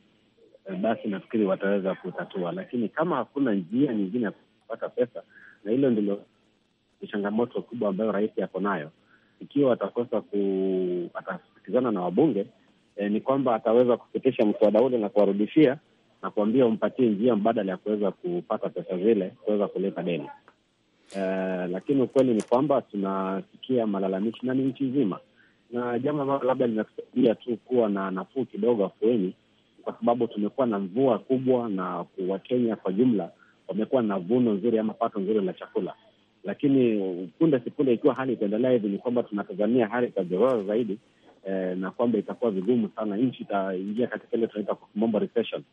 uh, basi nafikiri wataweza kutatua, lakini kama hakuna njia nyingine ya kupata pesa, na hilo ndilo changamoto kubwa ambayo rais yako nayo ikiwa atakosa atasikizana na wabunge e, ni kwamba ataweza kupitisha mswada ule na kuwarudishia na kuambia umpatie njia mbadala ya kuweza kupata pesa zile kuweza kulipa deni e, lakini ukweli ni kwamba tunasikia malalamishi na ni nchi nzima, na jambo ambalo labda linatusaidia tu kuwa na nafuu kidogo, afueni, kwa sababu tumekuwa na mvua kubwa na Wakenya kwa jumla wamekuwa na vuno nzuri ama pato nzuri la chakula lakini punde sipunde, ikiwa hali itaendelea hivi, ni kwamba tunatazamia hali itazorora zaidi eh, na kwamba itakuwa vigumu sana, nchi itaingia katika ile tunaita kwa kimombo recession,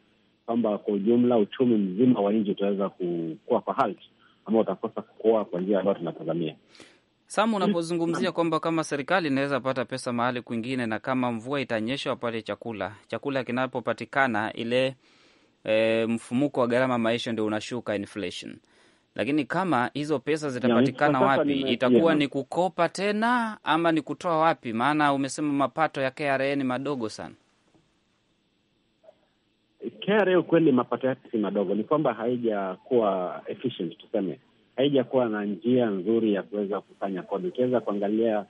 kwamba kwa ujumla uchumi mzima wa nchi utaweza kukua kwa halt ama utakosa kukua kwa njia ambayo tunatazamia. Sam, unapozungumzia kwamba kama serikali inaweza pata pesa mahali kwingine, na kama mvua itanyesha wapate chakula, chakula kinapopatikana ile e, mfumuko wa gharama maisha ndio unashuka inflation lakini kama hizo pesa zitapatikana wapi, itakuwa ni kukopa tena ama ni kutoa wapi? Maana umesema mapato ya KRA ni madogo sana. KRA ukweli mapato yake si madogo, ni kwamba haijakuwa efficient, tuseme haijakuwa na njia nzuri ya kuweza kufanya kodi. Ukiweza kuangalia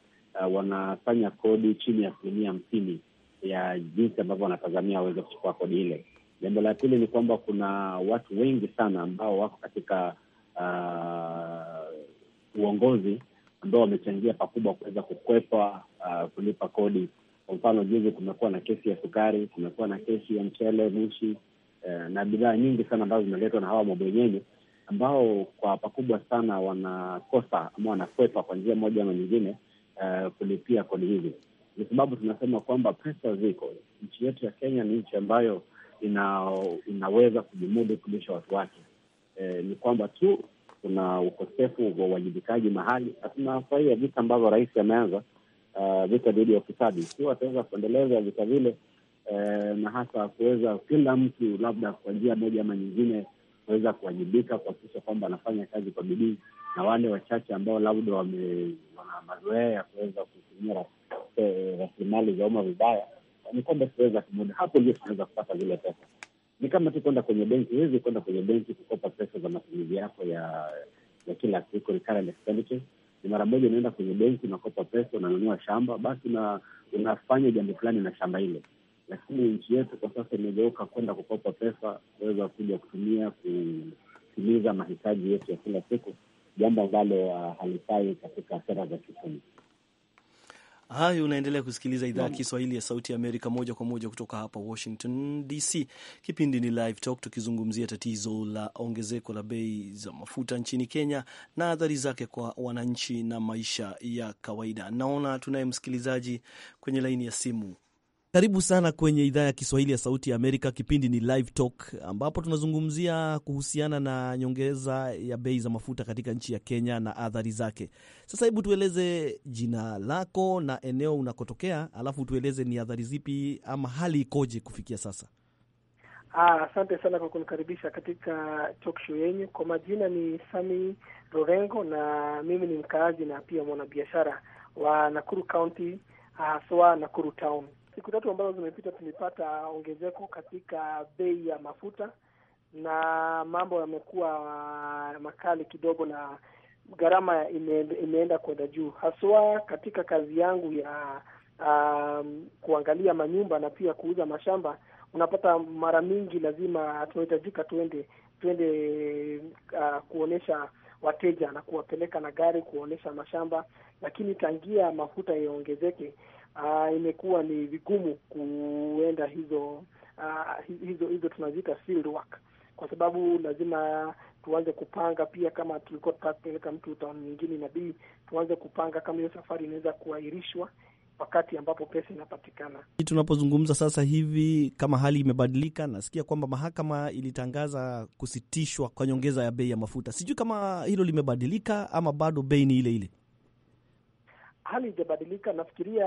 uh, wanafanya kodi chini ya asilimia hamsini ya jinsi ambavyo wanatazamia waweze kuchukua kodi ile. Jambo la pili ni kwamba kuna watu wengi sana ambao wako katika uh, uongozi ambao wamechangia pakubwa kuweza kukwepa uh, kulipa kodi. Kwa mfano, juzi kumekuwa na kesi ya sukari, kumekuwa na kesi ya mchele, mushi uh, na bidhaa nyingi sana ambazo zimeletwa na hawa mabwenyenye ambao kwa pakubwa sana wanakosa ama wanakwepa kwa njia moja ama nyingine uh, kulipia kodi hizi. Ni sababu tunasema kwamba pesa ziko. Nchi yetu ya Kenya ni nchi ambayo ina, inaweza kujimudu kulisha watu wake eh, ni kwamba tu kuna ukosefu wa uwajibikaji mahali, na tunafurahia vita ambavyo rais ameanza, uh, vita dhidi ya ufisadi. Ikiwa ataweza kuendeleza vita vile eh, na hasa kuweza kila mtu labda kwa njia moja ama nyingine kuweza kuwajibika, kuhakikisha kwamba anafanya kazi kwa bidii, na wale wachache ambao labda wame wana mazoea ya kuweza kutumia eh, rasilimali za umma vibaya, ni kwamba tunaweza kumudu hapo, ndio tunaweza kupata zile pesa ni kama tu kwenda kwenye benki. Huwezi kwenda kwenye benki kukopa pesa za matumizi yako ya ya kila siku, recurrent Ni mara moja unaenda kwenye benki, unakopa pesa, unanunua shamba, basi una, unafanya jambo fulani na shamba hilo. Lakini nchi yetu kwa sasa imegeuka kwenda kukopa pesa, kuweza kuja kutumia kutimiza mahitaji yetu ya kila siku, jambo ambalo uh, halifai katika sera za kiuchumi. Hayo unaendelea kusikiliza idhaa ya Kiswahili ya Sauti ya Amerika moja kwa moja kutoka hapa Washington DC. Kipindi ni Live Talk tukizungumzia tatizo la ongezeko la bei za mafuta nchini Kenya na athari zake kwa wananchi na maisha ya kawaida. Naona tunaye msikilizaji kwenye laini ya simu. Karibu sana kwenye idhaa ya Kiswahili ya Sauti ya Amerika. Kipindi ni Live Talk, ambapo tunazungumzia kuhusiana na nyongeza ya bei za mafuta katika nchi ya Kenya na athari zake. Sasa hebu tueleze jina lako na eneo unakotokea, alafu tueleze ni athari zipi ama hali ikoje kufikia sasa. Ah, asante sana kwa kunikaribisha katika talk show yenyu. Kwa majina ni Sami Rorengo na mimi ni mkaazi na pia mwanabiashara wa Nakuru County, haswa ah, Nakuru Town siku tatu ambazo zimepita tumepata ongezeko katika bei ya mafuta na mambo yamekuwa uh, makali kidogo, na gharama imeenda kwenda juu, haswa katika kazi yangu ya um, kuangalia manyumba na pia kuuza mashamba. Unapata mara mingi lazima tunahitajika tuende tuende uh, kuonyesha wateja na kuwapeleka na gari kuonyesha mashamba, lakini tangia mafuta yaongezeke uh, imekuwa ni vigumu kuenda hizo uh, hizo hizo tunaziita field work, kwa sababu lazima tuanze kupanga pia. Kama tulikuwa tutapeleka mtu tani nyingine, inabidi tuanze kupanga kama hiyo safari inaweza kuahirishwa wakati ambapo pesa inapatikana. Tunapozungumza sasa hivi, kama hali imebadilika, nasikia kwamba mahakama ilitangaza kusitishwa kwa nyongeza ya bei ya mafuta. Sijui kama hilo limebadilika ama bado bei ni ile ile hali ijabadilika Nafikiria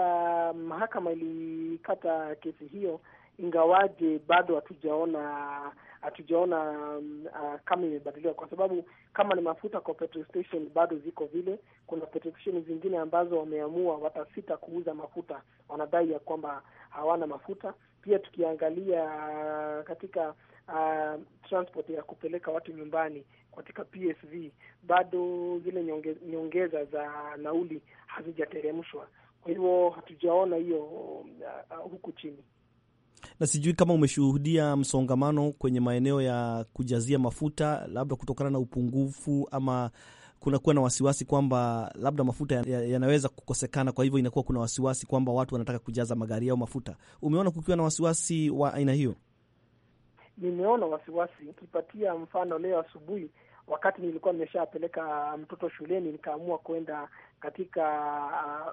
mahakama ilikata kesi hiyo, ingawaje bado hatujaona hatujaona um, uh, kama imebadilika, kwa sababu kama ni mafuta kwa petrol station bado ziko vile. Kuna petrol station zingine ambazo wameamua watasita kuuza mafuta, wanadai ya kwamba hawana mafuta. Pia tukiangalia uh, katika uh, transport ya kupeleka watu nyumbani katika PSV bado zile nyonge, nyongeza za nauli hazijateremshwa, kwa hivyo hatujaona hiyo uh, uh, huku chini. Na sijui kama umeshuhudia msongamano kwenye maeneo ya kujazia mafuta, labda kutokana na upungufu ama kunakuwa na wasiwasi kwamba labda mafuta yanaweza ya kukosekana, kwa hivyo inakuwa kuna wasiwasi kwamba watu wanataka kujaza magari yao mafuta. Umeona kukiwa na wasiwasi wa aina hiyo? nimeona wasiwasi. Nikipatia mfano, leo asubuhi wakati nilikuwa nimeshapeleka mtoto shuleni, nikaamua kwenda katika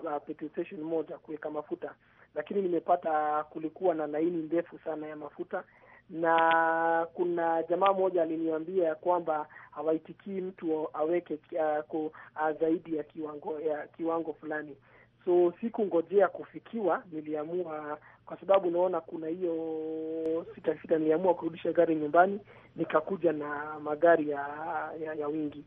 uh, uh, petrol station moja kuweka mafuta, lakini nimepata kulikuwa na laini ndefu sana ya mafuta, na kuna jamaa mmoja aliniambia ya kwamba hawaitikii mtu aweke uh, ku, uh, zaidi ya kiwango ya kiwango fulani. So sikungojea kufikiwa, niliamua kwa sababu naona kuna hiyo sita sita, niliamua kurudisha gari nyumbani, nikakuja na magari ya, ya, ya wingi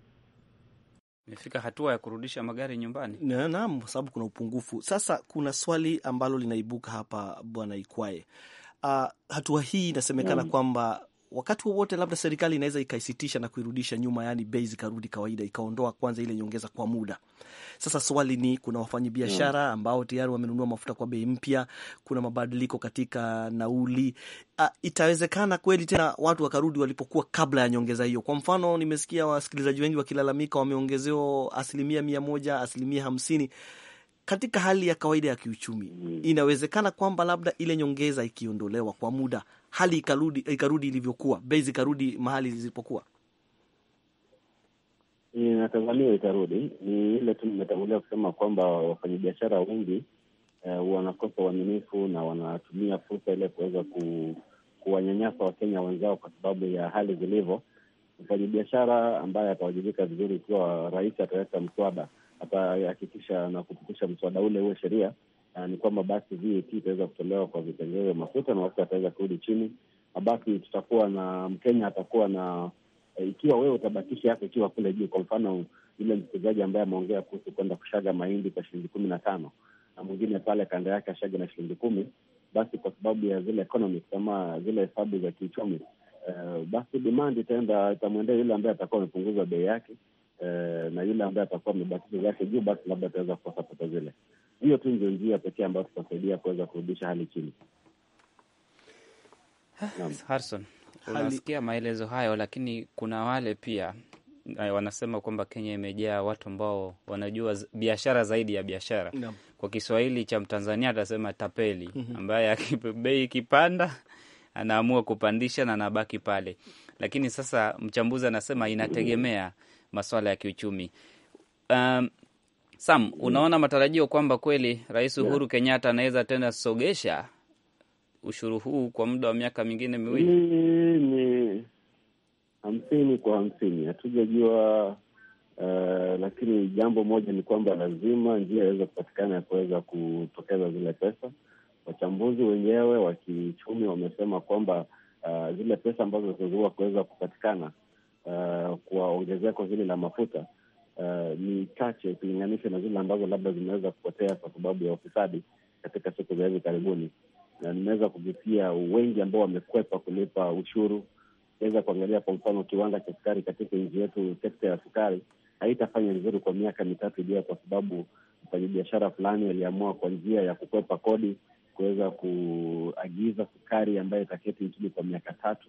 imefika hatua ya kurudisha magari nyumbani. Naam, kwa sababu kuna upungufu. Sasa kuna swali ambalo linaibuka hapa, bwana ikwae Uh, hatua hii inasemekana mm, kwamba wakati wowote labda serikali inaweza ikaisitisha na kuirudisha nyuma, yani bei zikarudi kawaida, ikaondoa kwanza ile nyongeza kwa muda. Sasa swali ni kuna wafanyabiashara mm. ambao tayari wamenunua mafuta kwa bei mpya, kuna mabadiliko katika nauli. Uh, itawezekana kweli tena watu wakarudi walipokuwa kabla ya nyongeza hiyo? Kwa mfano, nimesikia wasikilizaji wengi wakilalamika wameongezewa asilimia mia moja, asilimia hamsini katika hali ya kawaida ya kiuchumi. Mm. Inawezekana kwamba labda ile nyongeza ikiondolewa kwa muda hali ikarudi ikarudi ilivyokuwa, bei zikarudi mahali zilipokuwa? Inatazamiwa itarudi. Ni ile tu nimetangulia kusema kwamba wafanyabiashara wengi eh, wanakosa uaminifu na wanatumia fursa ile kuweza ku, kuwanyanyasa Wakenya wenzao kwa sababu ya hali zilivyo. Mfanyabiashara ambaye atawajibika vizuri, ikiwa rais ataweka mswada, atahakikisha na kupitisha mswada ule uwe sheria uh, ni kwamba basi VAT itaweza kutolewa kwa vitengeo vya mafuta na watu wataweza kurudi chini, na basi tutakuwa na Mkenya atakuwa na e, ikiwa wewe utabakisha yako ikiwa kule juu. Kwa mfano yule msikilizaji ambaye ameongea kuhusu kwenda kushaga mahindi kwa shilingi kumi na tano na mwingine pale kando yake ashaga na shilingi kumi, basi kwa sababu ya zile economics ama zile hesabu za kiuchumi Uh, basi demand itaenda itamwendea yule ambaye atakuwa amepunguza bei yake, uh, na yule ambaye atakuwa amebakisha zake juu, basi labda ataweza kukosa pesa zile hiyo tu ndio njia pekee ambayo tutasaidia kuweza kurudisha hali chini. Ah, Harrison, unasikia maelezo hayo, lakini kuna wale pia eh, wanasema kwamba Kenya imejaa watu ambao wanajua biashara zaidi ya biashara no. Kwa Kiswahili cha Mtanzania atasema tapeli mm -hmm. ambaye bei ikipanda anaamua kupandisha na anabaki pale, lakini sasa mchambuzi anasema inategemea masuala ya kiuchumi. Um, Sam, mm. unaona matarajio kwamba kweli Rais Uhuru Kenyatta anaweza tena sogesha ushuru huu kwa muda wa miaka mingine miwili? Ni hamsini kwa hamsini, hatujajua uh, lakini jambo moja ni kwamba lazima njia iweze kupatikana ya kuweza kutokeza zile pesa. Wachambuzi wenyewe wa kiuchumi wamesema kwamba uh, zile pesa ambazo zitazuia kuweza kupatikana uh, kwa ongezeko hili la mafuta Eh, ni chache ukilinganisha na zile ambazo labda zimeweza kupotea kwa sababu ya ufisadi katika siku za hivi karibuni, na nimeweza kuvutia wengi ambao wamekwepa kulipa ushuru. Ukiweza kuangalia kwa mfano kiwanda cha sukari katika nchi yetu, sekta ya sukari haitafanya vizuri kwa miaka mitatu ijayo, kwa sababu mfanyabiashara fulani aliamua kwa njia ya kukwepa kodi kuweza kuagiza sukari ambayo itaketi nchini kwa miaka tatu,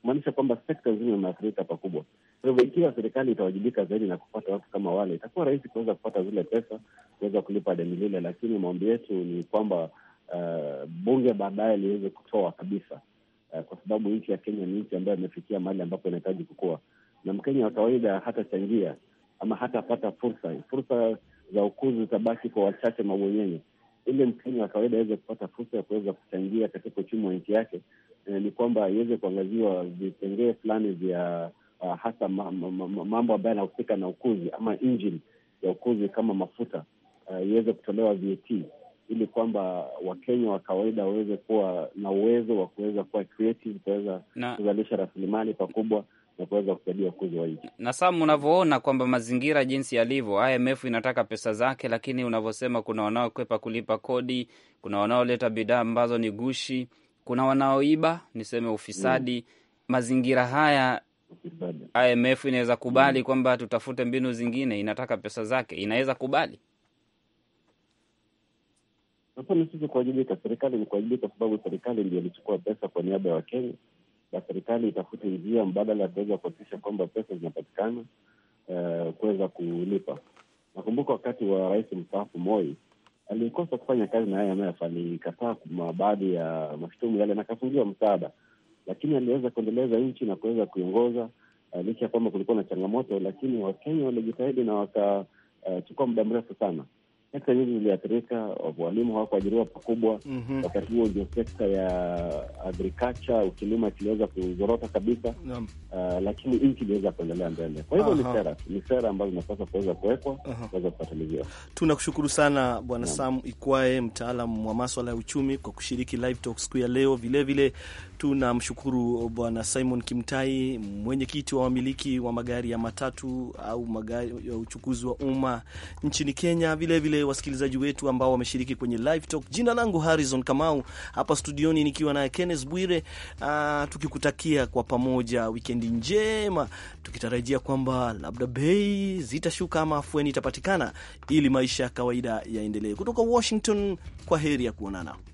kumaanisha kwamba sekta nzima imeathirika pakubwa. Kwa hivyo ikiwa serikali itawajibika zaidi na kupata watu kama wale, itakuwa rahisi kuweza kupata zile pesa, kuweza kulipa deni lile. Lakini maombi yetu ni kwamba uh, bunge baadaye liweze kutoa kabisa, uh, kwa sababu nchi ya Kenya ni nchi ambayo imefikia mahali ambapo inahitaji kukua, na Mkenya wa kawaida hatachangia ama hatapata fursa. Fursa za ukuzi zitabaki kwa wachache mabwenyenye. Ili Mkenya wa kawaida aweze kupata fursa ya kuweza kuchangia katika uchumi wa nchi yake, eh, ni kwamba iweze kuangaziwa vipengee fulani vya uh, hasa mambo ma, ma, ma, mambo ambayo yanahusika na ukuzi ama engine ya ukuzi kama mafuta uh, iweze kutolewa VAT ili kwamba Wakenya wa kawaida waweze kuwa na uwezo wa kuweza kuwa creative, kuweza kuzalisha rasilimali pakubwa na kuweza kusaidia ukuzi wa nchi. Na Sam, unavyoona kwamba mazingira jinsi yalivyo, IMF inataka pesa zake, lakini unavyosema kuna wanaokwepa kulipa kodi, kuna wanaoleta bidhaa ambazo ni gushi, kuna wanaoiba, niseme ufisadi. Mm. Mazingira haya IMF inaweza kubali hmm. kwamba tutafute mbinu zingine, inataka pesa zake, inaweza kubali. Sasa ni sisi kuwajibika, serikali ni kuwajibika, sababu serikali ndio ilichukua pesa kwa niaba ya Wakenya, na serikali itafute njia mbadala ya kuweza kuhakikisha kwamba pesa zinapatikana eh, kuweza kulipa. Nakumbuka wakati wa rais mstaafu Moi alikosa kufanya kazi na IMF, alikataa baadhi ya mashutumu yale na akafungiwa msaada lakini aliweza kuendeleza nchi na kuweza kuiongoza uh, licha ya kwamba kulikuwa na changamoto, lakini Wakenya walijitahidi na wakachukua uh, muda mrefu sana sekta nyingi ziliathirika, walimu hawakuajiriwa pakubwa. mm -hmm. Wakati huo ndio sekta ya agriculture, ukilima kiliweza kuzorota kabisa. mm Uh, lakini nchi iliweza kuendelea mbele. Kwa hivyo ni sera ni sera ambazo zinapaswa kuweza kuwekwa kuweza kufatiliziwa. Tunakushukuru sana Bwana Sam Ikwae, mtaalam wa maswala ya uchumi kwa kushiriki live talk siku ya leo. Vilevile tunamshukuru Bwana Simon Kimtai, mwenyekiti wa wamiliki wa magari ya matatu au magari ya uchukuzi wa umma nchini Kenya vilevile wasikilizaji wetu ambao wameshiriki kwenye live talk. Jina langu Harrison Kamau, hapa studioni nikiwa na Kenneth Bwire, uh, tukikutakia kwa pamoja wikendi njema, tukitarajia kwamba labda bei zitashuka ama afueni itapatikana ili maisha ya kawaida yaendelee. Kutoka Washington, kwa heri ya kuonana.